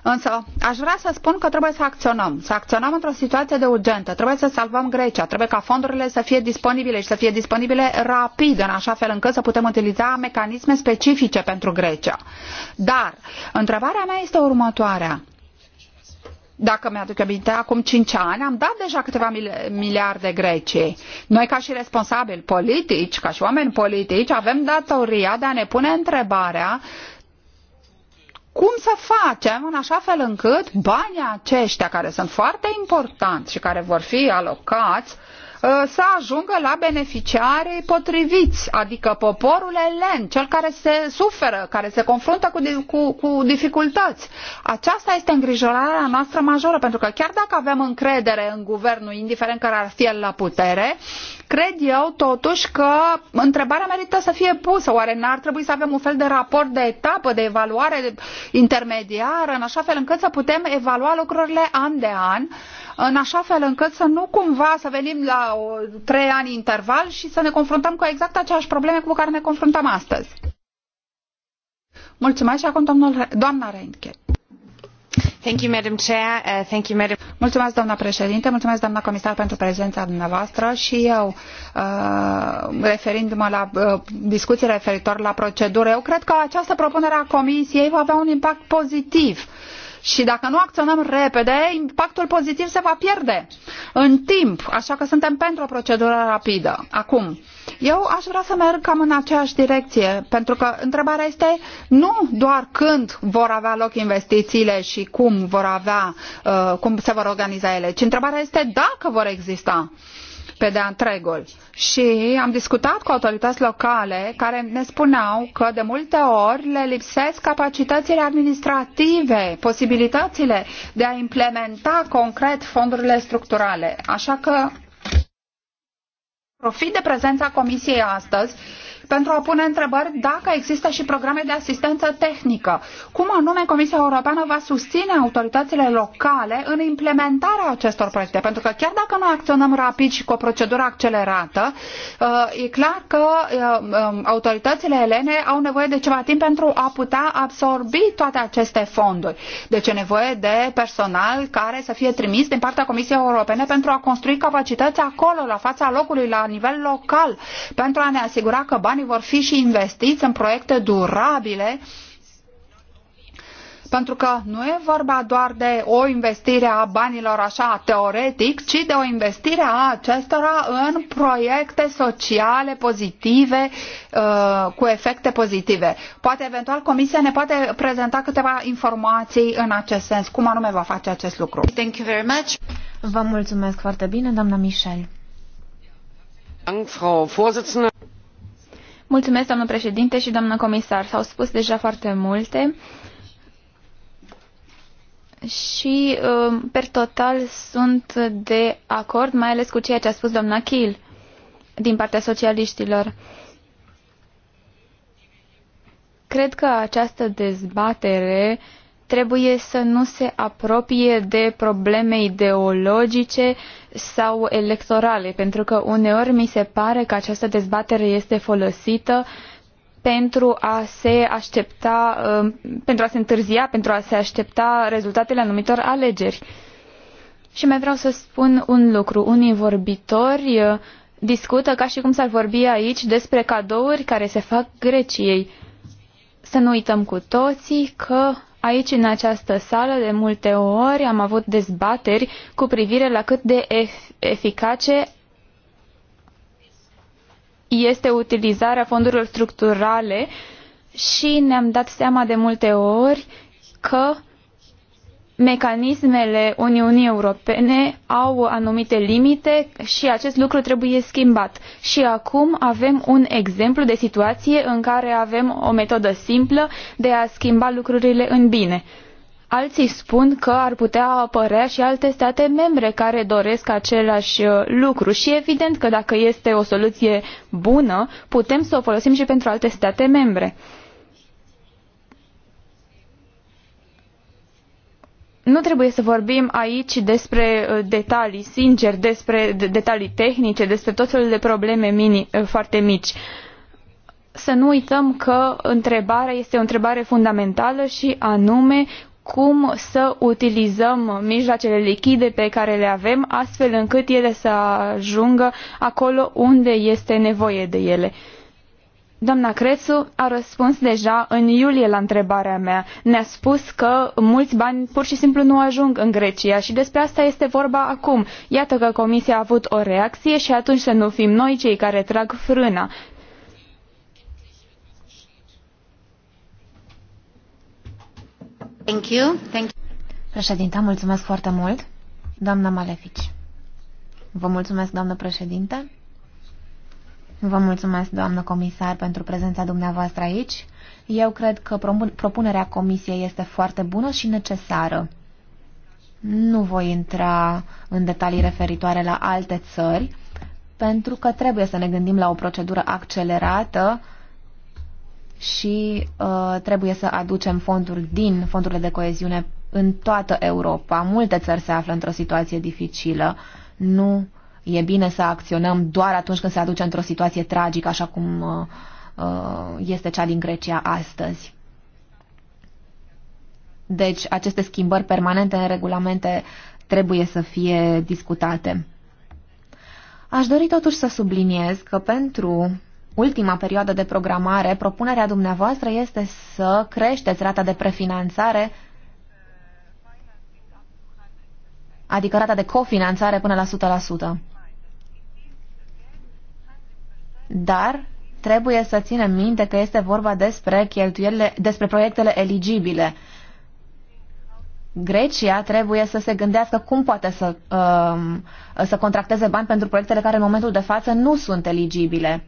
Însă aș vrea să spun că trebuie să acționăm, să acționăm într-o situație de urgentă. Trebuie să salvăm Grecia, trebuie ca fondurile să fie disponibile și să fie disponibile rapid, în așa fel încât să putem utiliza mecanisme specifice pentru Grecia. Dar întrebarea mea este următoarea dacă mi-aduc aminte, acum cinci ani am dat deja câteva miliarde Greciei. Noi, ca și responsabili politici, ca și oameni politici, avem datoria de a ne pune întrebarea cum să facem în așa fel încât banii aceștia, care sunt foarte importanți și care vor fi alocați, uh, Uh, să ajungă la beneficiarii potriviți, adică poporul elen, cel care se suferă, care se confruntă cu, cu, cu dificultăți. Aceasta este îngrijorarea noastră majoră, pentru că chiar dacă avem încredere în guvernul, indiferent care ar fi el la putere, cred eu totuși că întrebarea merită să fie pusă. Oare n-ar trebui să avem un fel de raport de etapă, de evaluare intermediară, în așa fel încât să putem evalua lucrurile an de an în așa fel încât să nu cumva să venim la o, trei ani interval și să ne confruntăm cu exact aceeași probleme cu care ne confruntăm astăzi. Mulțumesc și acum domnul, doamna Reintke. Thank you, Madam Chair. Uh, thank you, Madam... Mulțumesc, doamna președinte, mulțumesc, doamna comisar, pentru prezența dumneavoastră și eu, uh, referindu-mă la uh, discuții referitor la procedură, eu cred că această propunere a Comisiei va avea un impact pozitiv și dacă nu acționăm repede, impactul pozitiv se va pierde în timp, așa că suntem pentru o procedură rapidă. Acum, eu aș vrea să merg cam în aceeași direcție, pentru că întrebarea este nu doar când vor avea loc investițiile și cum vor avea, uh, cum se vor organiza ele, ci întrebarea este dacă vor exista. Uh, pe de-a întregul. Și am discutat cu autorități locale care ne spuneau că de multe ori le lipsesc capacitățile administrative, posibilitățile de a implementa concret fondurile structurale. Așa că profit de prezența Comisiei astăzi pentru a pune întrebări dacă există și programe de asistență tehnică. Cum anume Comisia Europeană va susține autoritățile locale în implementarea acestor proiecte? Pentru că chiar dacă noi acționăm rapid și cu o procedură accelerată, uh, e clar că uh, um, autoritățile elene au nevoie de ceva timp pentru a putea absorbi toate aceste fonduri. Deci e nevoie de personal care să fie trimis din partea Comisiei Europene pentru a construi capacități acolo, la fața locului, la nivel local, pentru a ne asigura că banii banii vor fi și investiți în proiecte durabile pentru că nu e vorba doar de o investire a banilor așa teoretic, ci de o investire a acestora în proiecte sociale pozitive, uh, cu efecte pozitive. Poate eventual Comisia ne poate prezenta câteva informații în acest sens. Cum anume va face acest lucru? Thank you very much. Vă mulțumesc foarte bine, doamna Michel. Mulțumesc, doamnă președinte și doamnă comisar. S-au spus deja foarte multe și, uh, per total, sunt de acord, mai ales cu ceea ce a spus doamna Kiel din partea socialiștilor. Cred că această dezbatere uh, trebuie să nu se apropie de probleme ideologice sau electorale, pentru că uneori mi se pare că această dezbatere este folosită pentru a se aștepta, uh, pentru a se întârzia, pentru a se aștepta rezultatele anumitor alegeri. Și mai vreau să spun un lucru. Unii vorbitori uh, discută ca și cum s-ar vorbi aici despre cadouri care se fac Greciei. Să nu uităm cu toții că Aici, în această sală, de multe ori am avut dezbateri cu privire la cât de eficace este utilizarea fondurilor structurale și ne-am dat seama de multe ori că uh, mecanismele Uniunii Europene au anumite limite și acest lucru trebuie schimbat. Și acum avem un exemplu de situație în care avem o metodă simplă de a schimba lucrurile în bine. Alții spun că ar putea apărea și alte state membre care doresc același uh, lucru și evident că dacă este o soluție bună, putem să o folosim și pentru alte state membre. nu trebuie să vorbim aici despre uh, detalii, sincer, despre detalii tehnice, despre tot felul de probleme mini, uh, foarte mici. Să nu uităm că întrebarea este o întrebare fundamentală și anume cum să utilizăm mijloacele lichide pe care le avem astfel încât ele să ajungă acolo unde este nevoie de ele. Doamna Crețu a răspuns deja în iulie la întrebarea mea. Ne-a spus că mulți bani pur și simplu nu ajung în Grecia și despre asta este vorba acum. Iată că Comisia a avut o reacție și atunci să nu fim noi cei care trag frâna. Thank you. Thank you. Președinta, mulțumesc foarte mult. Doamna Malefici. Vă mulțumesc, doamnă președinte. Vă mulțumesc, doamnă comisar, pentru prezența dumneavoastră aici. Eu cred că propunerea comisiei este foarte bună și necesară. Nu voi intra în detalii referitoare la alte țări, pentru că trebuie să ne gândim la o procedură accelerată și uh, trebuie să aducem fonduri din fondurile de coeziune în toată Europa. Multe țări se află într-o situație dificilă. Nu e bine să acționăm doar atunci când se aduce într-o situație tragică, așa cum uh, uh, este cea din Grecia astăzi. Deci, aceste schimbări permanente în regulamente trebuie să fie discutate. Aș dori totuși să subliniez că pentru ultima perioadă de programare, propunerea dumneavoastră este să creșteți rata de prefinanțare, adică rata de cofinanțare până la dar trebuie să ținem minte că este vorba despre cheltuielile, despre proiectele eligibile. Grecia trebuie să se gândească cum poate să, um, să contracteze bani pentru proiectele care în momentul de față nu sunt eligibile.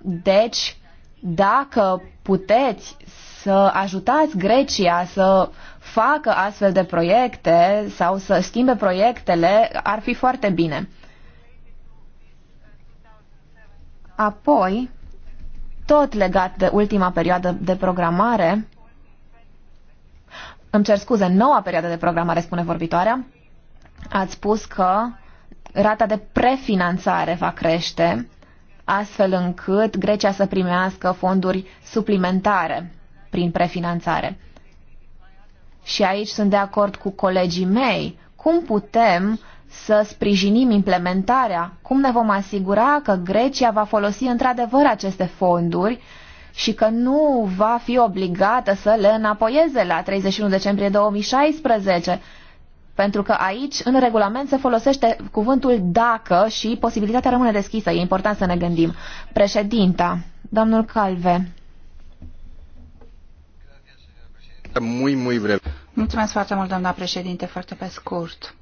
Deci, dacă puteți să ajutați Grecia să facă astfel de proiecte sau să schimbe proiectele, ar fi foarte bine. Apoi, tot legat de ultima perioadă de programare, îmi cer scuze, noua perioadă de programare, spune vorbitoarea, ați spus că rata de prefinanțare va crește, astfel încât Grecia să primească fonduri suplimentare prin prefinanțare. Și aici sunt de acord cu colegii mei. Cum putem să sprijinim implementarea? Cum ne vom asigura că Grecia va folosi într-adevăr aceste fonduri și că nu va fi obligată să le înapoieze la 31 decembrie 2016? Pentru că aici, în regulament, se folosește cuvântul dacă și posibilitatea rămâne deschisă. E important să ne gândim. Președinta, domnul Calve. Mulțumesc foarte mult, doamna președinte, foarte pe scurt.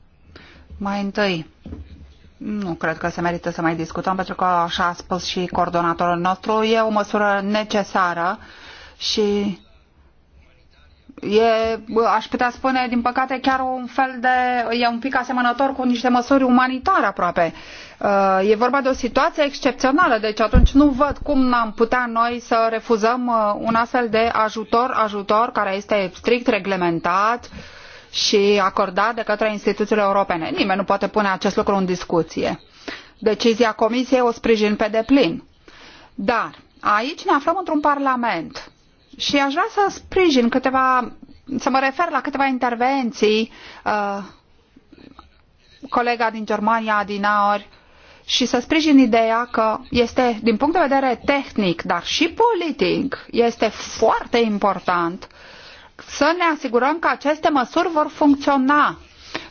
Mai întâi, nu cred că se merită să mai discutăm, pentru că așa a spus și coordonatorul nostru, e o măsură necesară și e, aș putea spune, din păcate, chiar un fel de, e un pic asemănător cu niște măsuri umanitare aproape. Uh, e vorba de o situație excepțională, deci atunci nu văd cum n-am putea noi să refuzăm uh, un astfel de ajutor, ajutor care este strict reglementat, uh, și acordat de către instituțiile europene. Nimeni nu poate pune acest lucru în discuție. Decizia Comisiei o sprijin pe deplin. Dar aici ne aflăm într-un parlament și aș vrea să sprijin câteva, să mă refer la câteva intervenții uh, colega din Germania, din Aori, și să sprijin ideea că este, din punct de vedere tehnic, dar și politic, este foarte important să ne asigurăm că aceste măsuri vor funcționa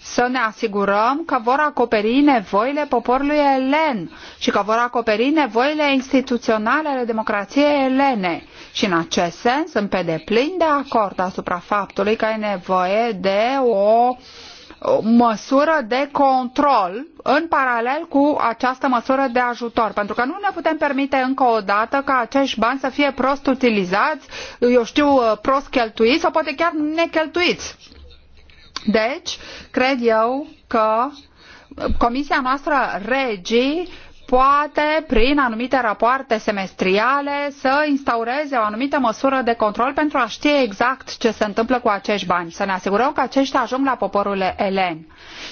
să ne asigurăm că vor acoperi nevoile poporului elen și că vor acoperi nevoile instituționale ale democrației elene. Și în acest sens sunt pe deplin de acord asupra faptului că e nevoie de o uh, măsură de control în paralel cu această măsură de ajutor. Pentru că nu ne putem permite încă o dată ca acești bani să fie prost utilizați, eu știu, uh, prost cheltuiți sau poate chiar necheltuiți. Deci, cred eu că uh, Comisia noastră Regii poate, prin anumite rapoarte semestriale, să instaureze o anumită măsură de control pentru a ști exact ce se întâmplă cu acești bani, să ne asigurăm că aceștia ajung la poporul elen.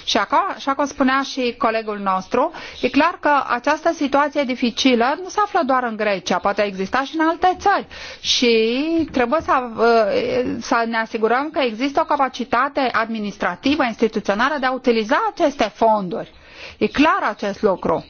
Și acum, așa cum spunea și colegul nostru, e clar că această situație dificilă nu se află doar în Grecia, poate exista și în alte țări. Și trebuie să, uh, să ne asigurăm că există o capacitate administrativă, instituțională de a utiliza aceste fonduri. E clar acest lucru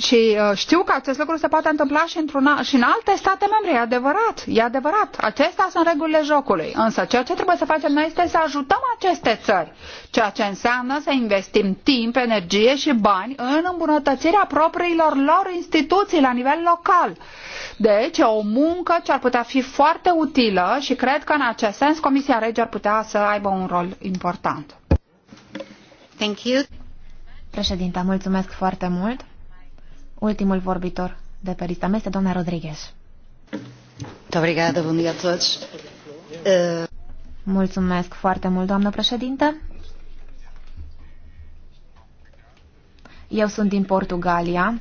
și uh, știu că acest lucru se poate întâmpla și, într-un, și în alte state membre, e adevărat, e adevărat. Acestea sunt regulile jocului. Însă ceea ce trebuie să facem noi este să ajutăm aceste țări, ceea ce înseamnă să investim timp, energie și bani în îmbunătățirea propriilor lor instituții la nivel local. Deci e o muncă ce ar putea fi foarte utilă și cred că în acest sens Comisia Regi ar putea să aibă un rol important. Thank you. Președinte, mulțumesc foarte mult. Ultimul vorbitor de pe lista mea este doamna Rodriguez. Uh, mulțumesc foarte mult, doamnă președinte. Eu sunt din Portugalia,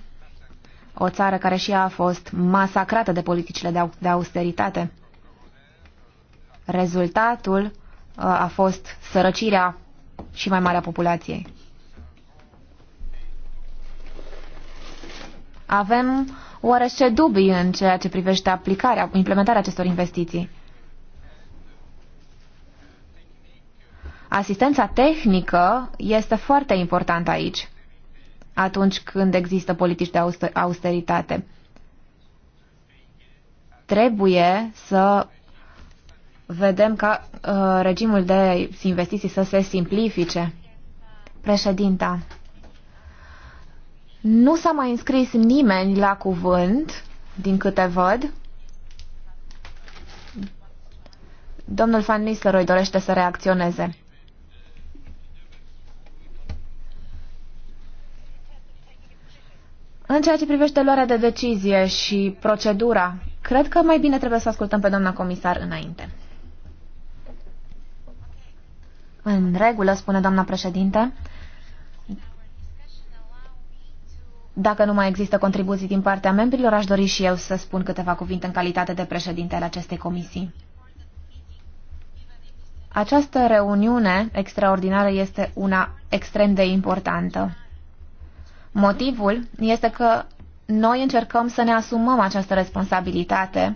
o țară care și ea a fost masacrată de politicile de austeritate. Rezultatul uh, a fost sărăcirea și mai mare a populației. Avem oarește dubii în ceea ce privește aplicarea, implementarea acestor investiții. Asistența tehnică este foarte importantă aici, atunci când există politici de austeritate. Trebuie să vedem ca uh, regimul de investiții să se simplifice. Președinta. Nu s-a mai înscris nimeni la cuvânt, din câte văd. Domnul Van Nistelrooy dorește să reacționeze. În ceea ce privește luarea de decizie și procedura, cred că mai bine trebuie să ascultăm pe doamna comisar înainte. În regulă, spune doamna președinte. Dacă nu mai există contribuții din partea membrilor, aș dori și eu să spun câteva cuvinte în calitate de președinte al acestei comisii. Această reuniune extraordinară este una extrem de importantă. Motivul este că noi încercăm să ne asumăm această responsabilitate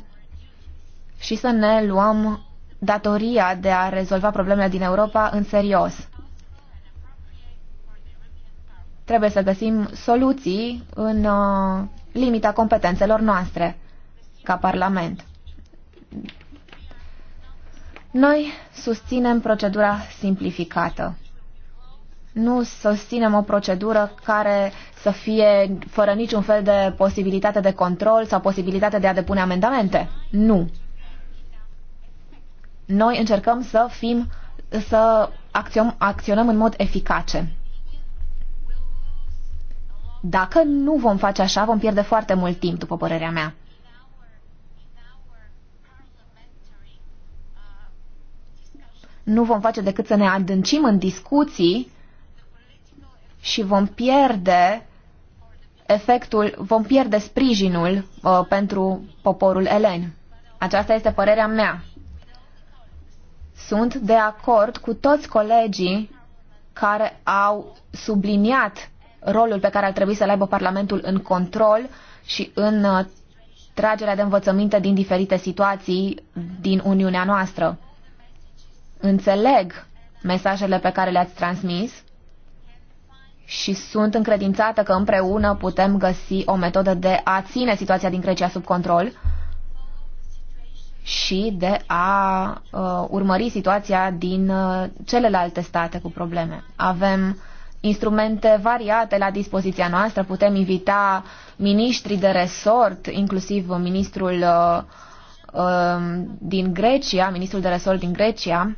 și să ne luăm datoria de a rezolva problemele din Europa în serios. Trebuie să găsim soluții în uh, limita competențelor noastre ca Parlament. Noi susținem procedura simplificată. Nu susținem o procedură care să fie fără niciun fel de posibilitate de control sau posibilitate de a depune amendamente. Nu. Noi încercăm să fim, să acționăm, acționăm în mod eficace. Dacă nu vom face așa, vom pierde foarte mult timp, după părerea mea. Nu vom face decât să ne adâncim în discuții și vom pierde efectul, vom pierde sprijinul uh, pentru poporul elen. Aceasta este părerea mea. Sunt de acord cu toți colegii care au subliniat rolul pe care ar trebui să-l aibă Parlamentul în control și în uh, tragerea de învățăminte din diferite situații din Uniunea noastră. Înțeleg mesajele pe care le-ați transmis și sunt încredințată că împreună putem găsi o metodă de a ține situația din Grecia sub control și de a uh, urmări situația din uh, celelalte state cu probleme. Avem instrumente variate la dispoziția noastră. Putem invita miniștri de resort, inclusiv ministrul uh, um, din Grecia, ministrul de resort din Grecia.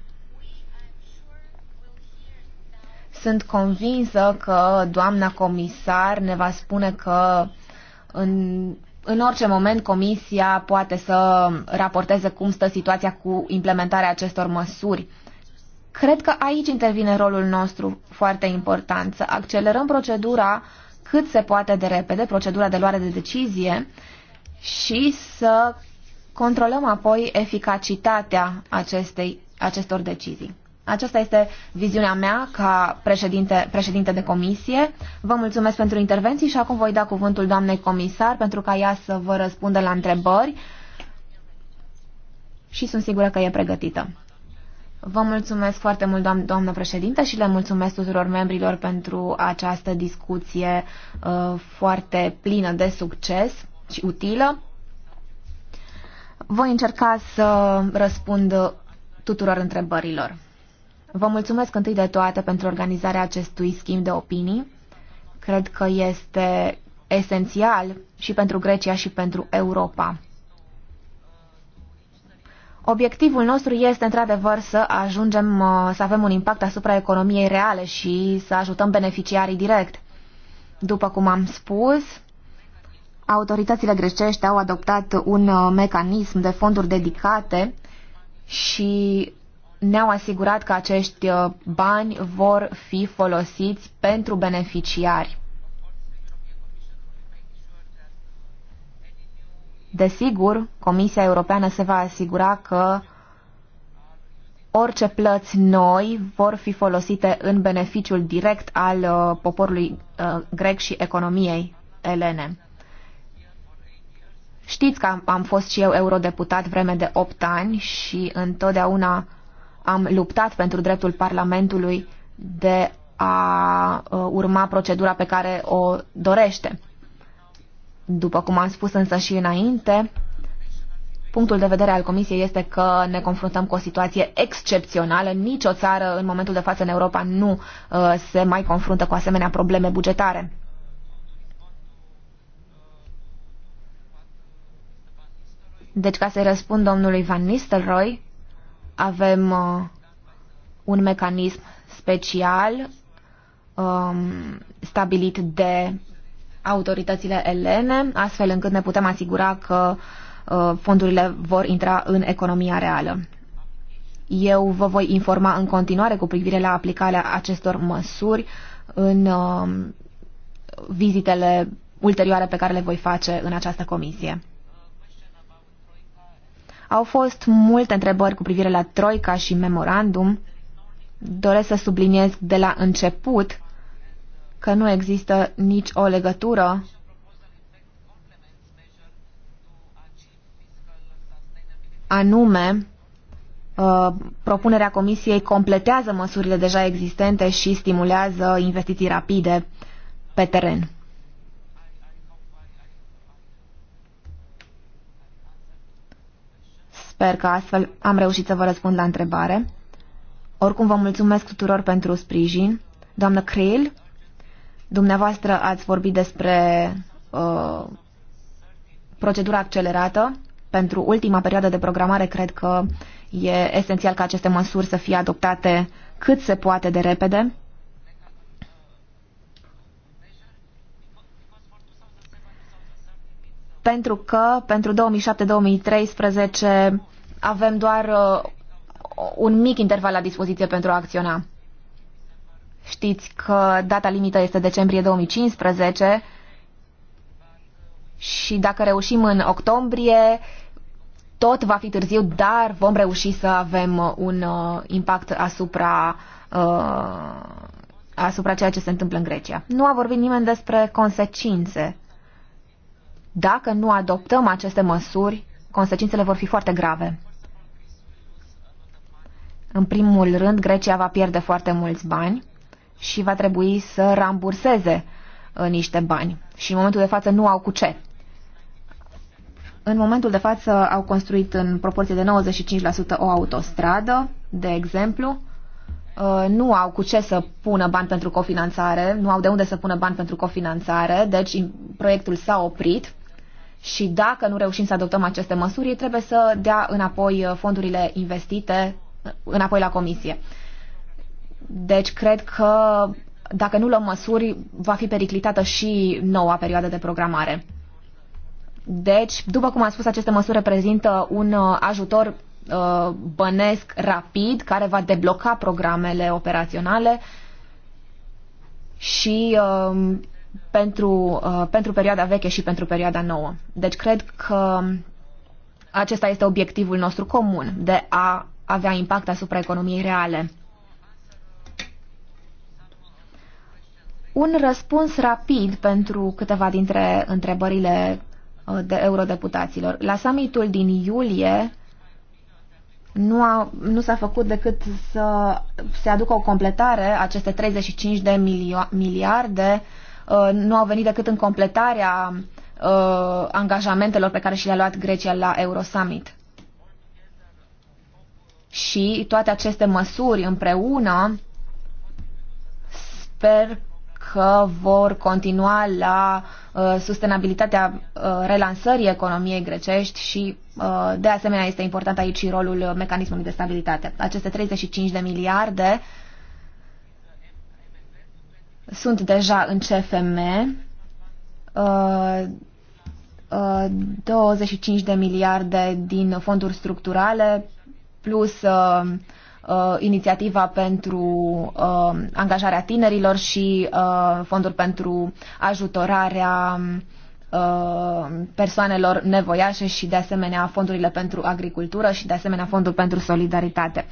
Sunt convinsă că doamna comisar ne va spune că în, în orice moment comisia poate să raporteze cum stă situația cu implementarea acestor măsuri. Cred că aici intervine rolul nostru foarte important, să accelerăm procedura cât se poate de repede, procedura de luare de decizie și să controlăm apoi eficacitatea acestei, acestor decizii. Aceasta este viziunea mea ca președinte, președinte de comisie. Vă mulțumesc pentru intervenții și acum voi da cuvântul doamnei comisar pentru ca ea să vă răspundă la întrebări și sunt sigură că e pregătită. Vă mulțumesc foarte mult, doam doamnă președintă, și le mulțumesc tuturor membrilor pentru această discuție uh, foarte plină de succes și utilă. Voi încerca să răspund tuturor întrebărilor. Vă mulțumesc întâi de toate pentru organizarea acestui schimb de opinii. Cred că este esențial și pentru Grecia și pentru Europa. Obiectivul nostru este într-adevăr să ajungem uh, să avem un impact asupra economiei reale și să ajutăm beneficiarii direct. După cum am spus, autoritățile grecești au adoptat un uh, mecanism de fonduri dedicate și ne-au asigurat că acești uh, bani vor fi folosiți pentru beneficiari. Desigur, Comisia Europeană se va asigura că orice plăți noi vor fi folosite în beneficiul direct al uh, poporului uh, grec și economiei elene. Știți că am, am fost și eu eurodeputat vreme de 8 ani și întotdeauna am luptat pentru dreptul Parlamentului de a uh, urma procedura pe care o dorește. După cum am spus însă și înainte, punctul de vedere al Comisiei este că ne confruntăm cu o situație excepțională. Nici o țară în momentul de față în Europa nu uh, se mai confruntă cu asemenea probleme bugetare. Deci, ca să-i răspund domnului Van Nistelrooy, avem uh, un mecanism special um, stabilit de autoritățile elene, astfel încât ne putem asigura că uh, fondurile vor intra în economia reală. Eu vă voi informa în continuare cu privire la aplicarea acestor măsuri în uh, vizitele ulterioare pe care le voi face în această comisie. Au fost multe întrebări cu privire la Troica și memorandum. Doresc să subliniez de la început că nu există nici o legătură anume uh, propunerea Comisiei completează măsurile deja existente și stimulează investiții rapide pe teren. Sper că astfel am reușit să vă răspund la întrebare. Oricum vă mulțumesc tuturor pentru sprijin. Doamnă Creel, Dumneavoastră ați vorbit despre uh, procedura accelerată. Pentru ultima perioadă de programare, cred că e esențial ca aceste măsuri să fie adoptate cât se poate de repede. Pentru că pentru 2007-2013 avem doar uh, un mic interval la dispoziție pentru a acționa. Știți că data limită este decembrie 2015 și dacă reușim în octombrie, tot va fi târziu, dar vom reuși să avem un uh, impact asupra, uh, asupra ceea ce se întâmplă în Grecia. Nu a vorbit nimeni despre consecințe. Dacă nu adoptăm aceste măsuri, consecințele vor fi foarte grave. În primul rând, Grecia va pierde foarte mulți bani și va trebui să ramburseze uh, niște bani și în momentul de față nu au cu ce. În momentul de față au construit în proporție de 95% o autostradă, de exemplu, uh, nu au cu ce să pună bani pentru cofinanțare, nu au de unde să pună bani pentru cofinanțare, deci proiectul s-a oprit și dacă nu reușim să adoptăm aceste măsuri, trebuie să dea înapoi uh, fondurile investite înapoi la comisie. Deci cred că dacă nu luăm măsuri, va fi periclitată și noua perioadă de programare. Deci, după cum am spus, aceste măsuri reprezintă un uh, ajutor uh, bănesc rapid care va debloca programele operaționale și uh, pentru, uh, pentru perioada veche și pentru perioada nouă. Deci cred că acesta este obiectivul nostru comun de a avea impact asupra economiei reale. un răspuns rapid pentru câteva dintre întrebările uh, de eurodeputaților. La summitul din iulie nu, a, nu s-a făcut decât să se aducă o completare, aceste 35 de milio- miliarde uh, nu au venit decât în completarea uh, angajamentelor pe care și le-a luat Grecia la Eurosummit. Și toate aceste măsuri împreună sper că vor continua la uh, sustenabilitatea uh, relansării economiei grecești și uh, de asemenea este important aici și rolul mecanismului de stabilitate. Aceste 35 de miliarde sunt deja în CFM. 25 uh, uh, de miliarde din fonduri structurale plus uh, uh, inițiativa pentru uh, angajarea tinerilor și uh, fonduri pentru ajutorarea uh, persoanelor nevoiașe și de asemenea fondurile pentru agricultură și de asemenea fondul pentru solidaritate.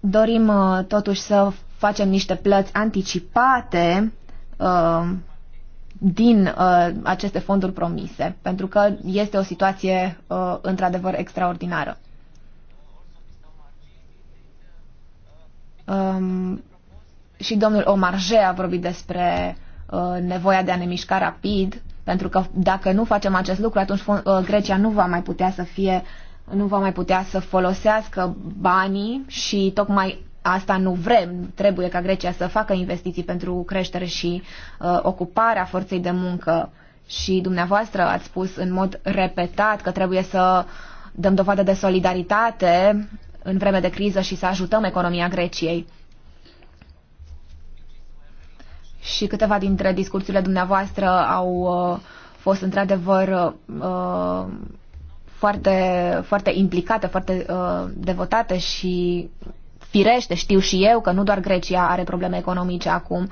Dorim uh, totuși să facem niște plăți anticipate uh, din uh, aceste fonduri promise, pentru că este o situație uh, într-adevăr extraordinară. Um, și domnul Omarje a vorbit despre uh, nevoia de a ne mișca rapid, pentru că dacă nu facem acest lucru, atunci uh, Grecia nu va mai putea să fie nu va mai putea să folosească banii și tocmai asta nu vrem. Trebuie ca Grecia să facă investiții pentru creștere și uh, ocuparea forței de muncă. Și dumneavoastră ați spus în mod repetat că trebuie să dăm dovadă de solidaritate în vreme de criză și să ajutăm economia Greciei. Și câteva dintre discursurile dumneavoastră au uh, fost într-adevăr uh, foarte, foarte implicate, foarte uh, devotate și Firește, știu și eu că nu doar Grecia are probleme economice acum.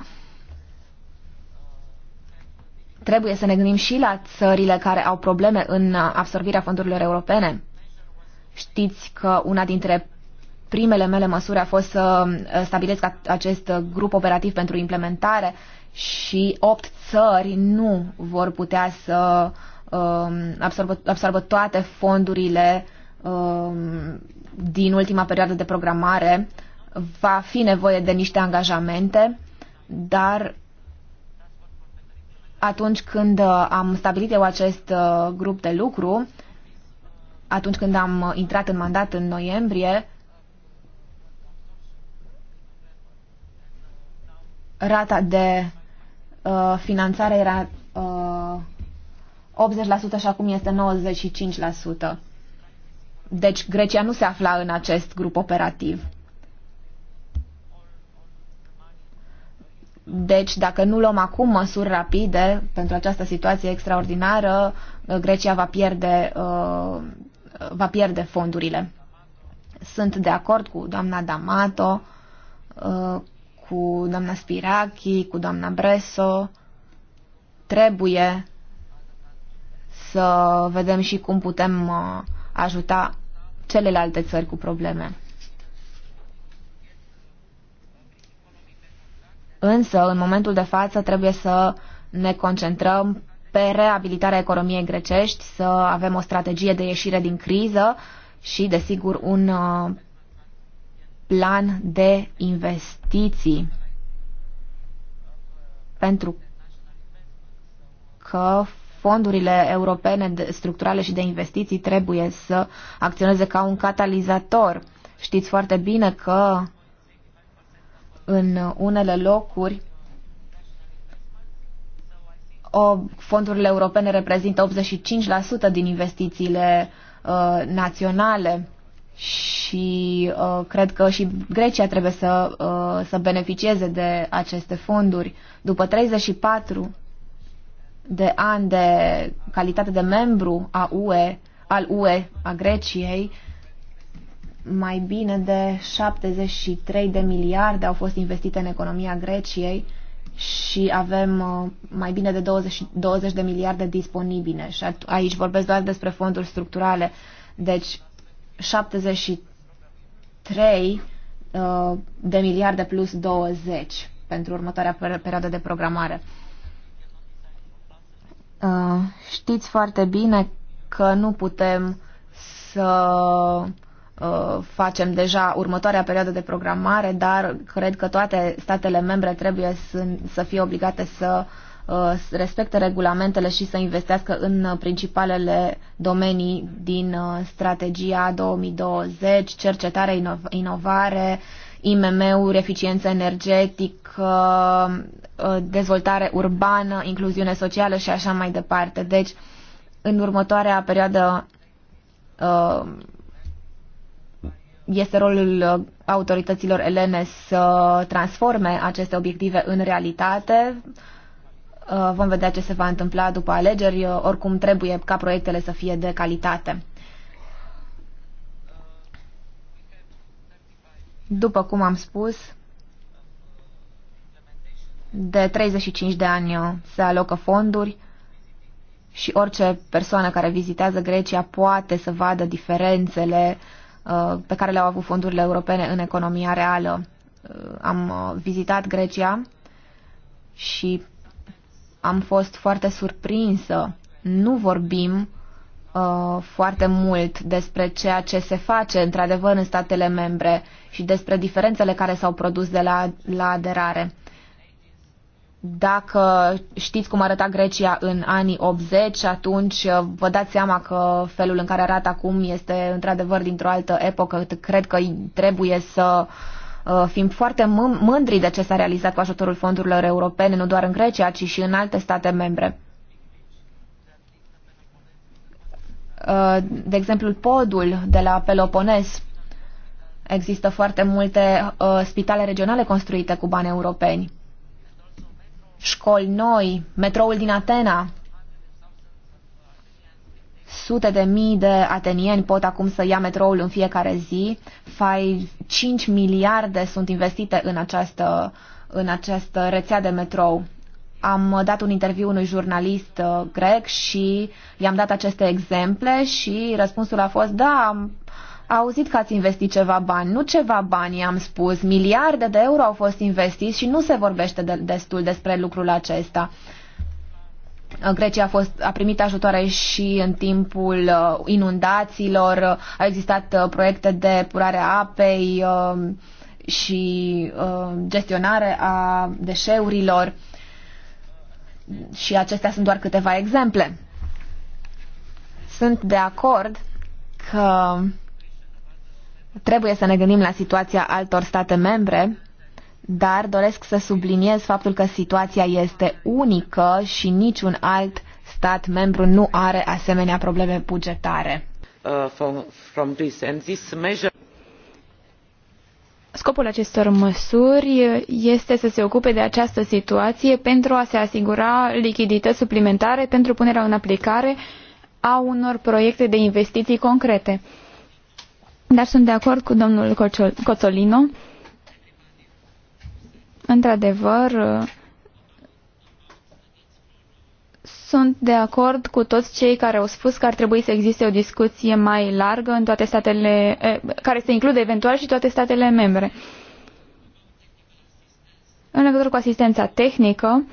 Trebuie să ne gândim și la țările care au probleme în absorbirea fondurilor europene. Știți că una dintre primele mele măsuri a fost să uh, stabilesc acest grup operativ pentru implementare și opt țări nu vor putea să um, absorbă, absorbă toate fondurile um, din ultima perioadă de programare va fi nevoie de niște angajamente, dar atunci când uh, am stabilit eu acest uh, grup de lucru, atunci când am intrat în mandat în noiembrie, rata de uh, finanțare era uh, 80% și acum este 95%. Deci Grecia nu se afla în acest grup operativ. Deci, dacă nu luăm acum măsuri rapide pentru această situație extraordinară, Grecia va pierde, uh, va pierde fondurile. Sunt de acord cu doamna D'Amato, uh, cu doamna Spirachi, cu doamna Bresso. Trebuie să vedem și cum putem uh, ajuta celelalte țări cu probleme. Însă, în momentul de față, trebuie să ne concentrăm pe reabilitarea economiei grecești, să avem o strategie de ieșire din criză și, desigur, un uh, plan de investiții. Pentru că fondurile europene structurale și de investiții trebuie să acționeze ca un catalizator. Știți foarte bine că în unele locuri o, fondurile europene reprezintă 85% din investițiile uh, naționale și uh, cred că și Grecia trebuie să, uh, să beneficieze de aceste fonduri. După 34 de ani de calitate de membru a UE, al UE, a Greciei, mai bine de 73 de miliarde au fost investite în economia Greciei și avem uh, mai bine de 20, 20 de miliarde disponibile. Și aici vorbesc doar despre fonduri structurale. Deci 73 uh, de miliarde plus 20 pentru următoarea perioadă de programare. Uh, știți foarte bine că nu putem să uh, facem deja următoarea perioadă de programare, dar cred că toate statele membre trebuie să, să fie obligate să uh, respecte regulamentele și să investească în principalele domenii din strategia 2020, cercetare, inovare, IMM-uri, eficiență energetică, Uh, dezvoltare urbană, incluziune socială și așa mai departe. Deci, în următoarea perioadă uh, este rolul uh, autorităților elene să transforme aceste obiective în realitate. Vom vedea ce se va întâmpla după alegeri. Oricum trebuie ca proiectele să fie de calitate. După cum am spus, de 35 de ani uh, se alocă fonduri și orice persoană care vizitează Grecia poate să vadă diferențele uh, pe care le-au avut fondurile europene în economia reală. Uh, am vizitat Grecia și am fost foarte surprinsă. Nu vorbim foarte mult despre ceea ce se face într-adevăr în statele membre și despre diferențele care s-au produs de la, la aderare. Dacă știți cum arăta Grecia în anii 80, atunci uh, vă dați seama că felul în care arată acum este într-adevăr dintr-o altă epocă. Cred că trebuie să uh, fim foarte mândri de ce s-a realizat cu ajutorul fondurilor europene, nu doar în Grecia, ci și în alte state membre. Uh, de exemplu, podul de la Pelopones. Există foarte multe spitale regionale construite cu bani europeni școli noi, metroul din Atena. Sute de mii de atenieni pot acum să ia metroul în fiecare zi. Fai 5 miliarde sunt investite în această, în această rețea de metrou. Am dat un interviu unui jurnalist uh, grec și i-am dat aceste exemple și răspunsul a fost da, auzit că ați investit ceva bani, nu ceva bani, am spus. Miliarde de euro au fost investiți și nu se vorbește de, destul despre lucrul acesta. Grecia a, fost, a primit ajutoare și în timpul uh, inundațiilor, au existat uh, proiecte de purare a apei uh, și gestionare a deșeurilor și acestea sunt doar câteva exemple. Sunt de acord că Trebuie să ne gândim la situația altor state membre, dar doresc să subliniez faptul că situația este unică și niciun alt stat membru nu are asemenea probleme bugetare. Uh, from, from this. And this measure... Scopul acestor măsuri este să se ocupe de această situație pentru a se asigura lichidități suplimentare pentru punerea în aplicare a unor proiecte de investiții concrete. Dar sunt de acord cu domnul Cotolino. Într-adevăr, sunt de acord cu toți cei care au spus că ar trebui să existe o discuție mai largă în toate statele, care să includă eventual și toate statele membre. În legătură cu asistența tehnică,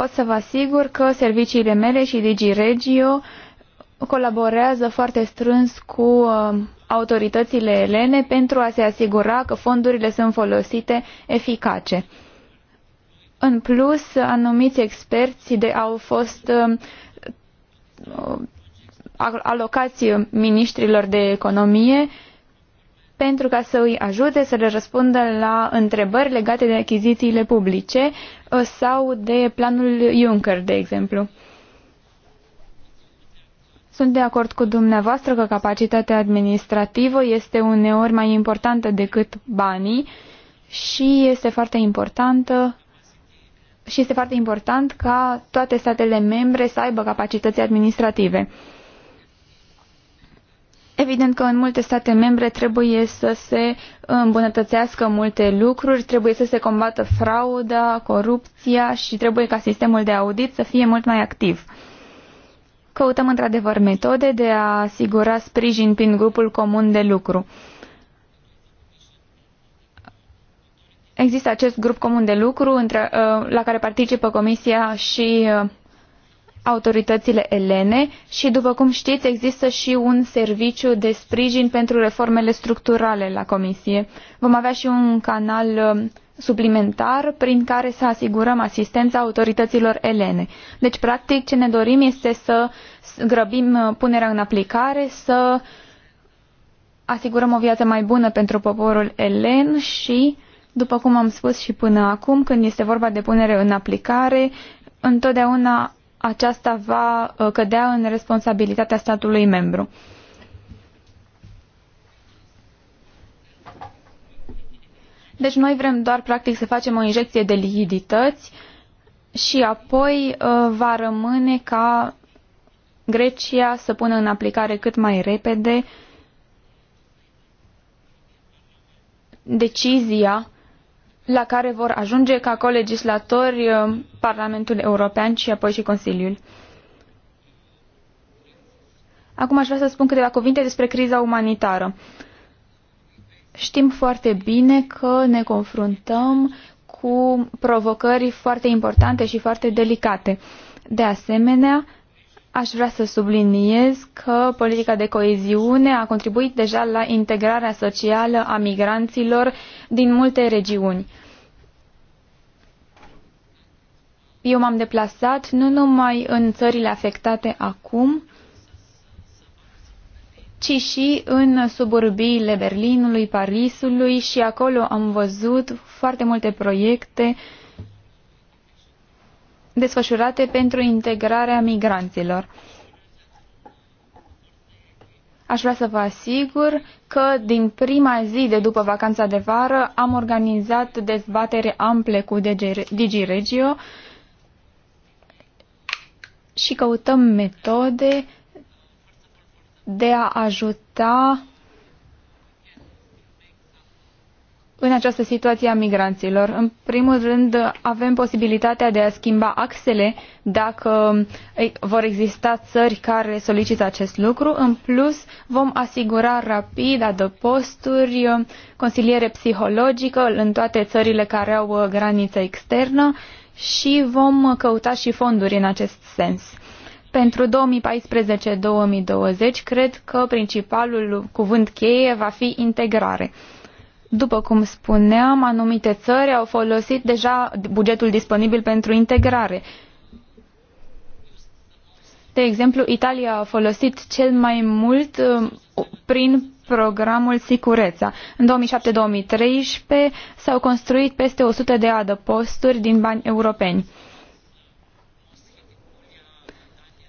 pot să vă asigur că serviciile mele și DigiRegio colaborează foarte strâns cu uh, autoritățile elene pentru a se asigura că fondurile sunt folosite eficace. În plus, anumiți experți de, au fost uh, uh, alocați ministrilor de economie pentru ca să îi ajute să le răspundă la întrebări legate de achizițiile publice uh, sau de planul Juncker, de exemplu. Sunt de acord cu dumneavoastră că capacitatea administrativă este uneori mai importantă decât banii și este foarte importantă și este foarte important ca toate statele membre să aibă capacități administrative. Evident că în multe state membre trebuie să se îmbunătățească multe lucruri, trebuie să se combată frauda, corupția și trebuie ca sistemul de audit să fie mult mai activ. Căutăm într-adevăr metode de a asigura sprijin prin grupul comun de lucru. Există acest grup comun de lucru între, uh, la care participă Comisia și uh, autoritățile elene și, după cum știți, există și un serviciu de sprijin pentru reformele structurale la Comisie. Vom avea și un canal um, suplimentar prin care să asigurăm asistența autorităților elene. Deci, practic, ce ne dorim este să grăbim uh, punerea în aplicare, să asigurăm o viață mai bună pentru poporul elen și, după cum am spus și până acum, când este vorba de punere în aplicare, întotdeauna aceasta va uh, cădea în responsabilitatea statului membru. Deci noi vrem doar practic să facem o injecție de lichidități și apoi uh, va rămâne ca Grecia să pună în aplicare cât mai repede decizia la care vor ajunge ca colegislatori uh, Parlamentul European și apoi și Consiliul. Acum aș vrea să spun câteva cuvinte despre criza umanitară. Știm foarte bine că ne confruntăm cu provocări foarte importante și foarte delicate. De asemenea, Aș vrea să subliniez că politica de coeziune a contribuit deja la integrarea socială a migranților din multe regiuni. Eu m-am deplasat nu numai în țările afectate acum, ci și în suburbiile Berlinului, Parisului și acolo am văzut foarte multe proiecte uh, desfășurate pentru integrarea migranților. Aș vrea să vă asigur că din prima zi de după vacanța de vară am organizat dezbatere ample cu DigiRegio și căutăm metode de a ajuta în această situație a migranților. În primul rând, avem posibilitatea de a schimba axele dacă vor exista țări care solicită acest lucru. În plus, vom asigura rapid adăposturi, consiliere psihologică în toate țările care au uh, graniță externă și vom căuta și fonduri în acest sens. Pentru 2014-2020, cred că principalul cuvânt cheie va fi integrare. După cum spuneam, anumite țări au folosit deja bugetul disponibil pentru integrare. De exemplu, Italia a folosit cel mai mult um, prin programul Sicureța. În 2007-2013 s-au construit peste 100 de adăposturi din bani europeni.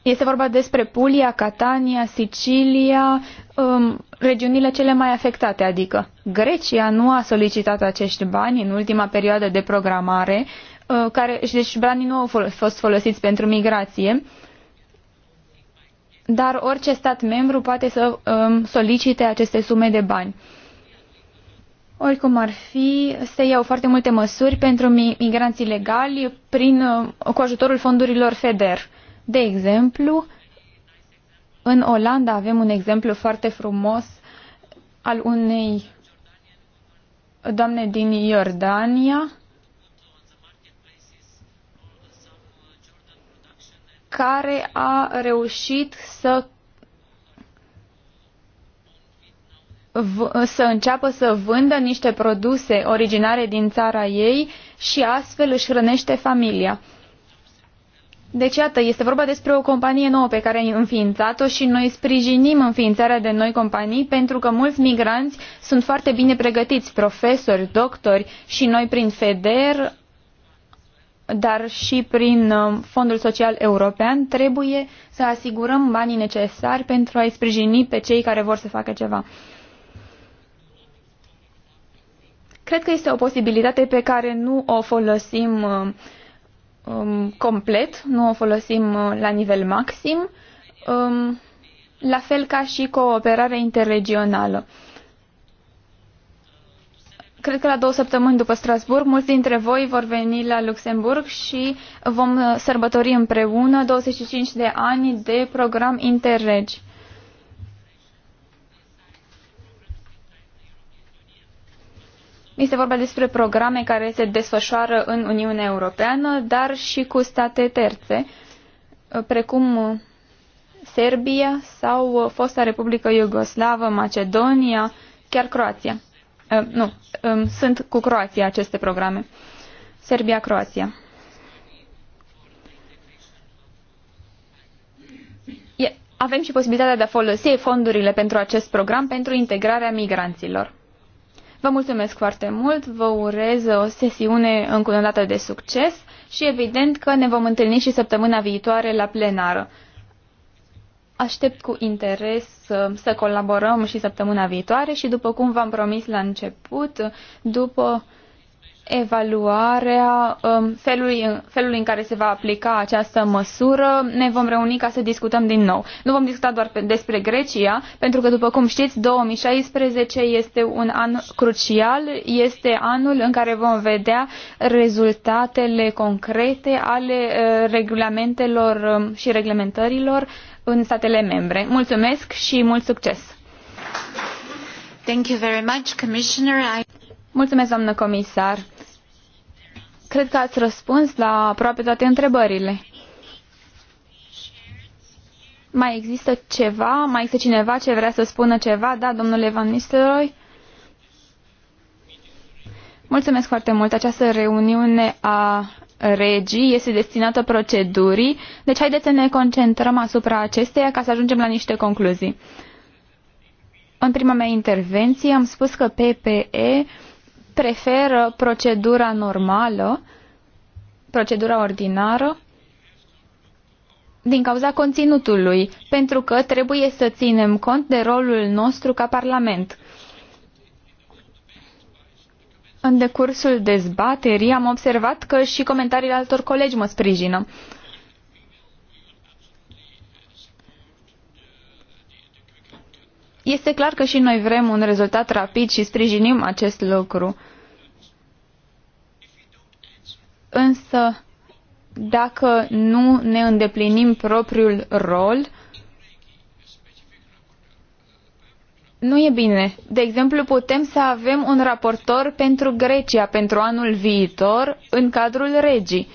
Este vorba despre Puglia, Catania, Sicilia, um, regiunile cele mai afectate, adică Grecia nu a solicitat acești bani în ultima perioadă de programare, uh, care, deci banii nu au fost folosiți pentru migrație, dar orice stat membru poate să um, solicite aceste sume de bani. Oricum ar fi, se iau foarte multe măsuri pentru migranții legali prin, uh, cu ajutorul fondurilor FEDER. De exemplu, în Olanda avem un exemplu foarte frumos al unei doamne din Iordania care a reușit să să înceapă să vândă niște produse originare din țara ei și astfel își hrănește familia. Deci, iată, este vorba despre o companie nouă pe care ai înființat-o și noi sprijinim înființarea de noi companii pentru că mulți migranți sunt foarte bine pregătiți, profesori, doctori și noi prin FEDER, dar și prin uh, Fondul Social European, trebuie să asigurăm banii necesari pentru a-i sprijini pe cei care vor să facă ceva. Cred că este o posibilitate pe care nu o folosim uh, um, complet, nu o folosim uh, la nivel maxim, um, la fel ca și cooperarea interregională. Cred că la două săptămâni după Strasburg, mulți dintre voi vor veni la Luxemburg și vom uh, sărbători împreună 25 de ani de program Interreg. Este vorba despre programe care se desfășoară în Uniunea Europeană, dar și cu state terțe, precum Serbia sau fosta Republică Iugoslavă, Macedonia, chiar Croația. Eh, nu, eh, sunt cu Croația aceste programe. Serbia-Croația. Avem și posibilitatea de a folosi fondurile pentru acest program pentru integrarea migranților. Vă mulțumesc foarte mult, vă urez o sesiune dată de succes și evident că ne vom întâlni și săptămâna viitoare la plenară. Aștept cu interes să colaborăm și săptămâna viitoare și după cum v-am promis la început, după evaluarea um, felului, felului în care se va aplica această măsură. Ne vom reuni ca să discutăm din nou. Nu vom discuta doar despre Grecia, pentru că, după cum știți, 2016 este un an crucial, este anul în care vom vedea rezultatele concrete ale uh, regulamentelor um, și reglementărilor în statele membre. Mulțumesc și mult succes! Thank you very much, Commissioner. I... Mulțumesc, doamnă comisar. Cred că ați răspuns la aproape toate întrebările. Mai există ceva? Mai există cineva ce vrea să spună ceva? Da, domnule Van Nistelrooy? Mulțumesc foarte mult. Această reuniune a regii este destinată procedurii, deci haideți să ne concentrăm asupra acesteia ca să ajungem la niște concluzii. În prima mea intervenție am spus că PPE preferă procedura normală, procedura ordinară, din cauza conținutului, pentru că trebuie să ținem cont de rolul nostru ca Parlament. În decursul dezbaterii am observat că și comentariile altor colegi mă sprijină. Este clar că și noi vrem un rezultat rapid și sprijinim acest lucru. Însă, dacă nu ne îndeplinim propriul rol, nu e bine. De exemplu, putem să avem un raportor pentru Grecia pentru anul viitor în cadrul regii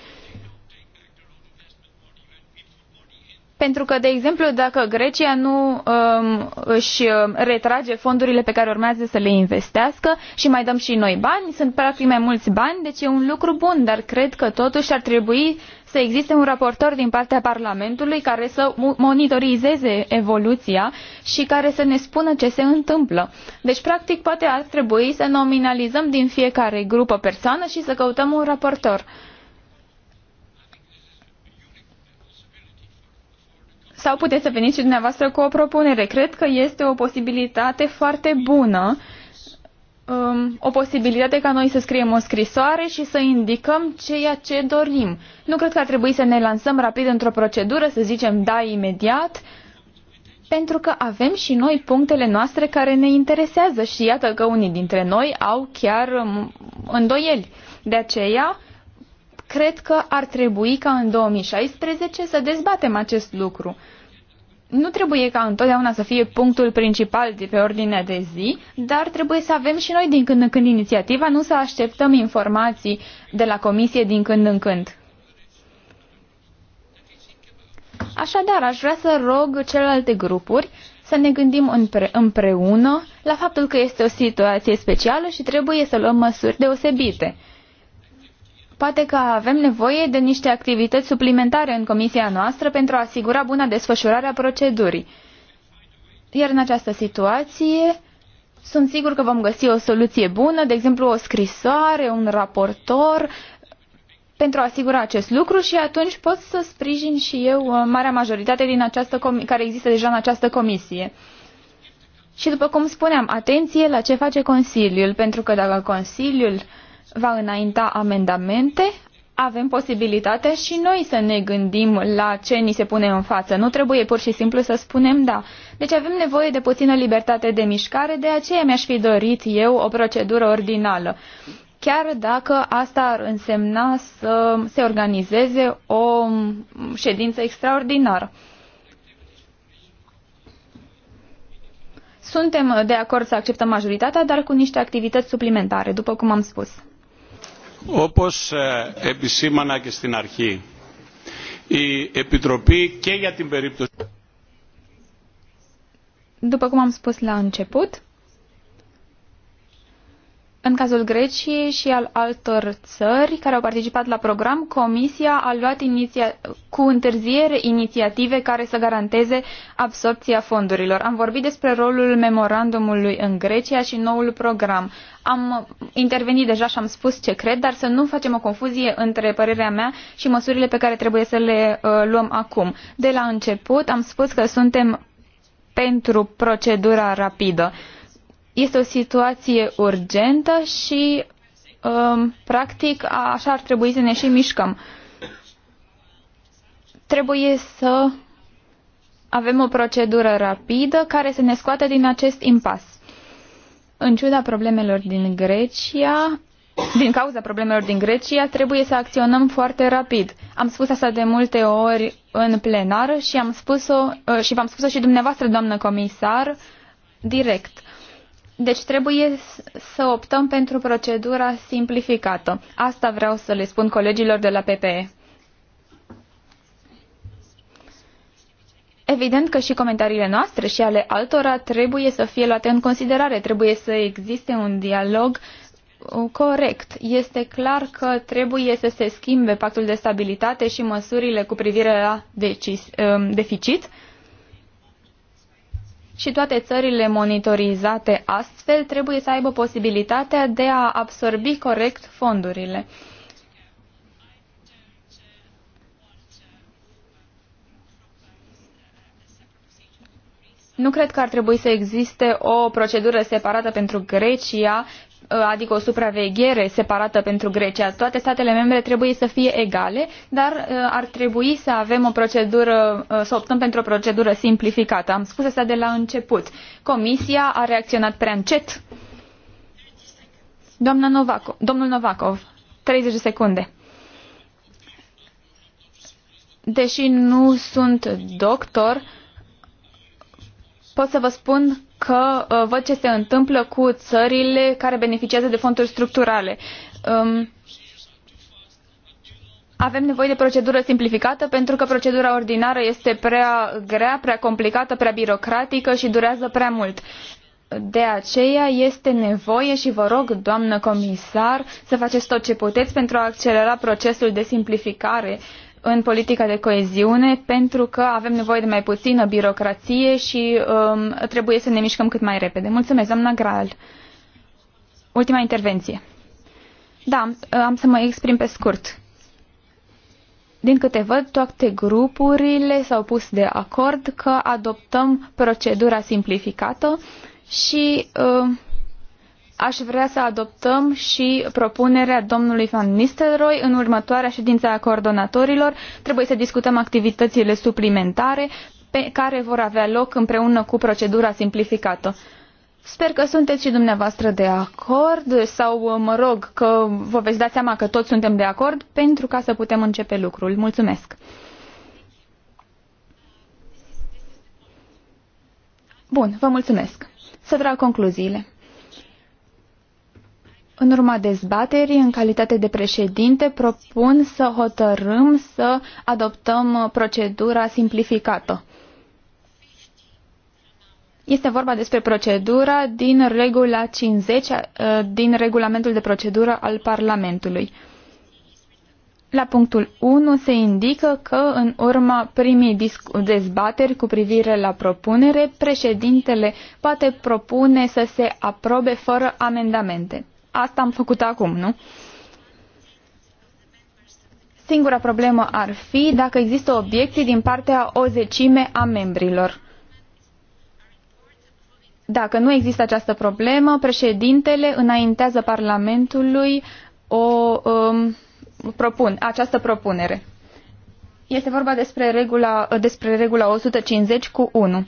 Pentru că, de exemplu, dacă Grecia nu um, își um, retrage fondurile pe care urmează să le investească și mai dăm și noi bani, sunt practic mai mulți bani, deci e un lucru bun, dar cred că totuși ar trebui să existe un raportor din partea Parlamentului care să monitorizeze evoluția și care să ne spună ce se întâmplă. Deci, practic, poate ar trebui să nominalizăm din fiecare grupă persoană și să căutăm un raportor. sau puteți să veniți și dumneavoastră cu o propunere. Cred că este o posibilitate foarte bună, um, o posibilitate ca noi să scriem o scrisoare și să indicăm ceea ce dorim. Nu cred că ar trebui să ne lansăm rapid într-o procedură, să zicem da imediat, pentru că avem și noi punctele noastre care ne interesează și iată că unii dintre noi au chiar um, îndoieli. De aceea, cred că ar trebui ca în 2016 să dezbatem acest lucru. Nu trebuie ca întotdeauna să fie punctul principal de pe ordinea de zi, dar trebuie să avem și noi din când în când inițiativa, nu să așteptăm informații de la comisie din când în când. Așadar, aș vrea să rog celelalte grupuri să ne gândim împre- împreună la faptul că este o situație specială și trebuie să luăm măsuri deosebite. Poate că avem nevoie de niște activități suplimentare în comisia noastră pentru a asigura buna desfășurare a procedurii. Iar în această situație, sunt sigur că vom găsi o soluție bună, de exemplu o scrisoare, un raportor, pentru a asigura acest lucru și atunci pot să sprijin și eu uh, marea majoritate din această care există deja în această comisie. Și după cum spuneam, atenție la ce face Consiliul, pentru că dacă Consiliul uh, va înainta amendamente, avem posibilitatea și noi să ne gândim la ce ni se pune în față. Nu trebuie pur și simplu să spunem da. Deci avem nevoie de puțină libertate de mișcare, de aceea mi-aș fi dorit eu o procedură ordinală. Chiar dacă asta ar însemna să se organizeze o ședință extraordinară. Suntem de acord să acceptăm majoritatea, dar cu niște activități suplimentare, după cum am spus. Όπως επισήμανα και στην αρχή, η Επιτροπή και για την περίπτωση... După cum am spus la început, în cazul Greciei și al altor țări care au participat la program, Comisia a luat iniția- cu întârziere inițiative care să garanteze absorpția fondurilor. Am vorbit despre rolul memorandumului în Grecia și noul program. Am intervenit deja și am spus ce cred, dar să nu facem o confuzie între părerea mea și măsurile pe care trebuie să le uh, luăm acum. De la început am spus că suntem pentru procedura rapidă. Este o situație urgentă și, um, practic, așa ar trebui să ne și mișcăm. Trebuie să avem o procedură rapidă care să ne scoată din acest impas. În ciuda problemelor din Grecia, din cauza problemelor din Grecia, trebuie să acționăm foarte rapid. Am spus asta de multe ori în plenar și am spus-o uh, și v-am spus-o și dumneavoastră, doamnă comisar, direct. Deci trebuie să optăm pentru procedura simplificată. Asta vreau să le spun colegilor de la PPE. Evident că și comentariile noastre și ale altora trebuie să fie luate în considerare, trebuie să existe un dialog uh, corect. Este clar că trebuie să se schimbe pactul de stabilitate și măsurile cu privire la um, deficit și toate țările monitorizate astfel trebuie să aibă posibilitatea de a absorbi corect fondurile. Nu cred că ar trebui să existe o procedură separată pentru Grecia Uh, adică o supraveghere separată pentru Grecia. Toate statele membre trebuie să fie egale, dar uh, ar trebui să avem o procedură, uh, să optăm pentru o procedură simplificată. Am spus asta de la început. Comisia a reacționat prea încet. Doamna Novakov, domnul Novakov, 30 de secunde. Deși nu sunt doctor, pot să vă spun că uh, văd ce se întâmplă cu țările care beneficiază de fonduri structurale. Um, avem nevoie de procedură simplificată pentru că procedura ordinară este prea grea, prea complicată, prea birocratică și durează prea mult. De aceea este nevoie și vă rog, doamnă comisar, să faceți tot ce puteți pentru a accelera procesul de simplificare uh, în politica de coeziune pentru că avem nevoie de mai puțină birocrație și um, trebuie să ne mișcăm cât mai repede. Mulțumesc, doamna Graal. Ultima intervenție. Da, am să mă exprim pe scurt. Din câte văd, toate grupurile s-au pus de acord că adoptăm procedura simplificată și uh, aș vrea să adoptăm și propunerea domnului Van Nistelrooy în următoarea ședință a coordonatorilor. Trebuie să discutăm activitățile suplimentare pe care vor avea loc împreună cu procedura simplificată. Sper că sunteți și dumneavoastră de acord sau mă rog că vă veți da seama că toți suntem de acord pentru ca să putem începe lucrul. Mulțumesc! Bun, vă mulțumesc. Să trag concluziile. În urma dezbaterii, în calitate de președinte, propun să hotărâm să adoptăm procedura simplificată. Este vorba despre procedura din regula 50 din regulamentul de procedură al Parlamentului. La punctul 1 se indică că în urma primii dezbateri cu privire la propunere, președintele poate propune să se aprobe fără amendamente asta am făcut acum, nu? Singura problemă ar fi dacă există obiecții din partea o zecime a membrilor. Dacă nu există această problemă, președintele înaintează Parlamentului o um, propun, această propunere. Este vorba despre regula, despre regula 150 cu 1.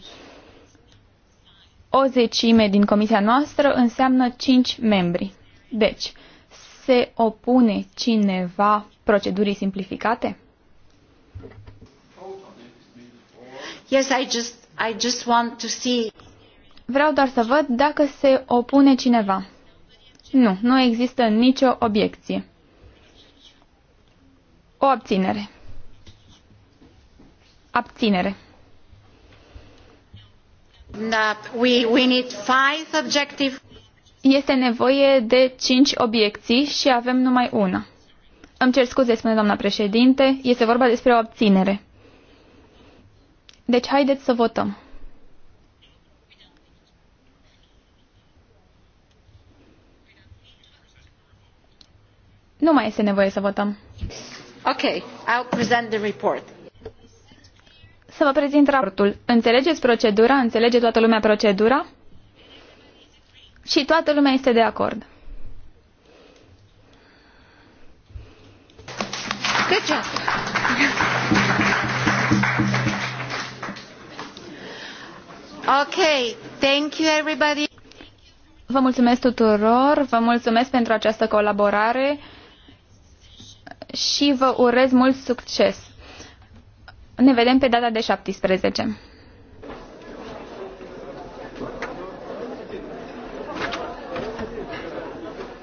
O zecime din comisia noastră înseamnă 5 membri. Deci, se opune cineva procedurii simplificate? Yes, I just, I just want to see. Vreau doar să văd dacă se opune cineva. Nu, nu există nicio obiecție. O abținere. Abținere. We, we need five objective este nevoie de cinci obiecții și avem numai una. Îmi cer scuze, spune doamna președinte, este vorba despre o abținere. Deci haideți să votăm. Nu mai este nevoie să votăm. Ok, I'll present the report. Să vă prezint raportul. Înțelegeți procedura? Înțelege toată lumea procedura? Și toată lumea este de acord. Good job. Okay, thank you everybody. Vă mulțumesc tuturor, vă mulțumesc pentru această colaborare și vă urez mult succes. Ne vedem pe data de 17.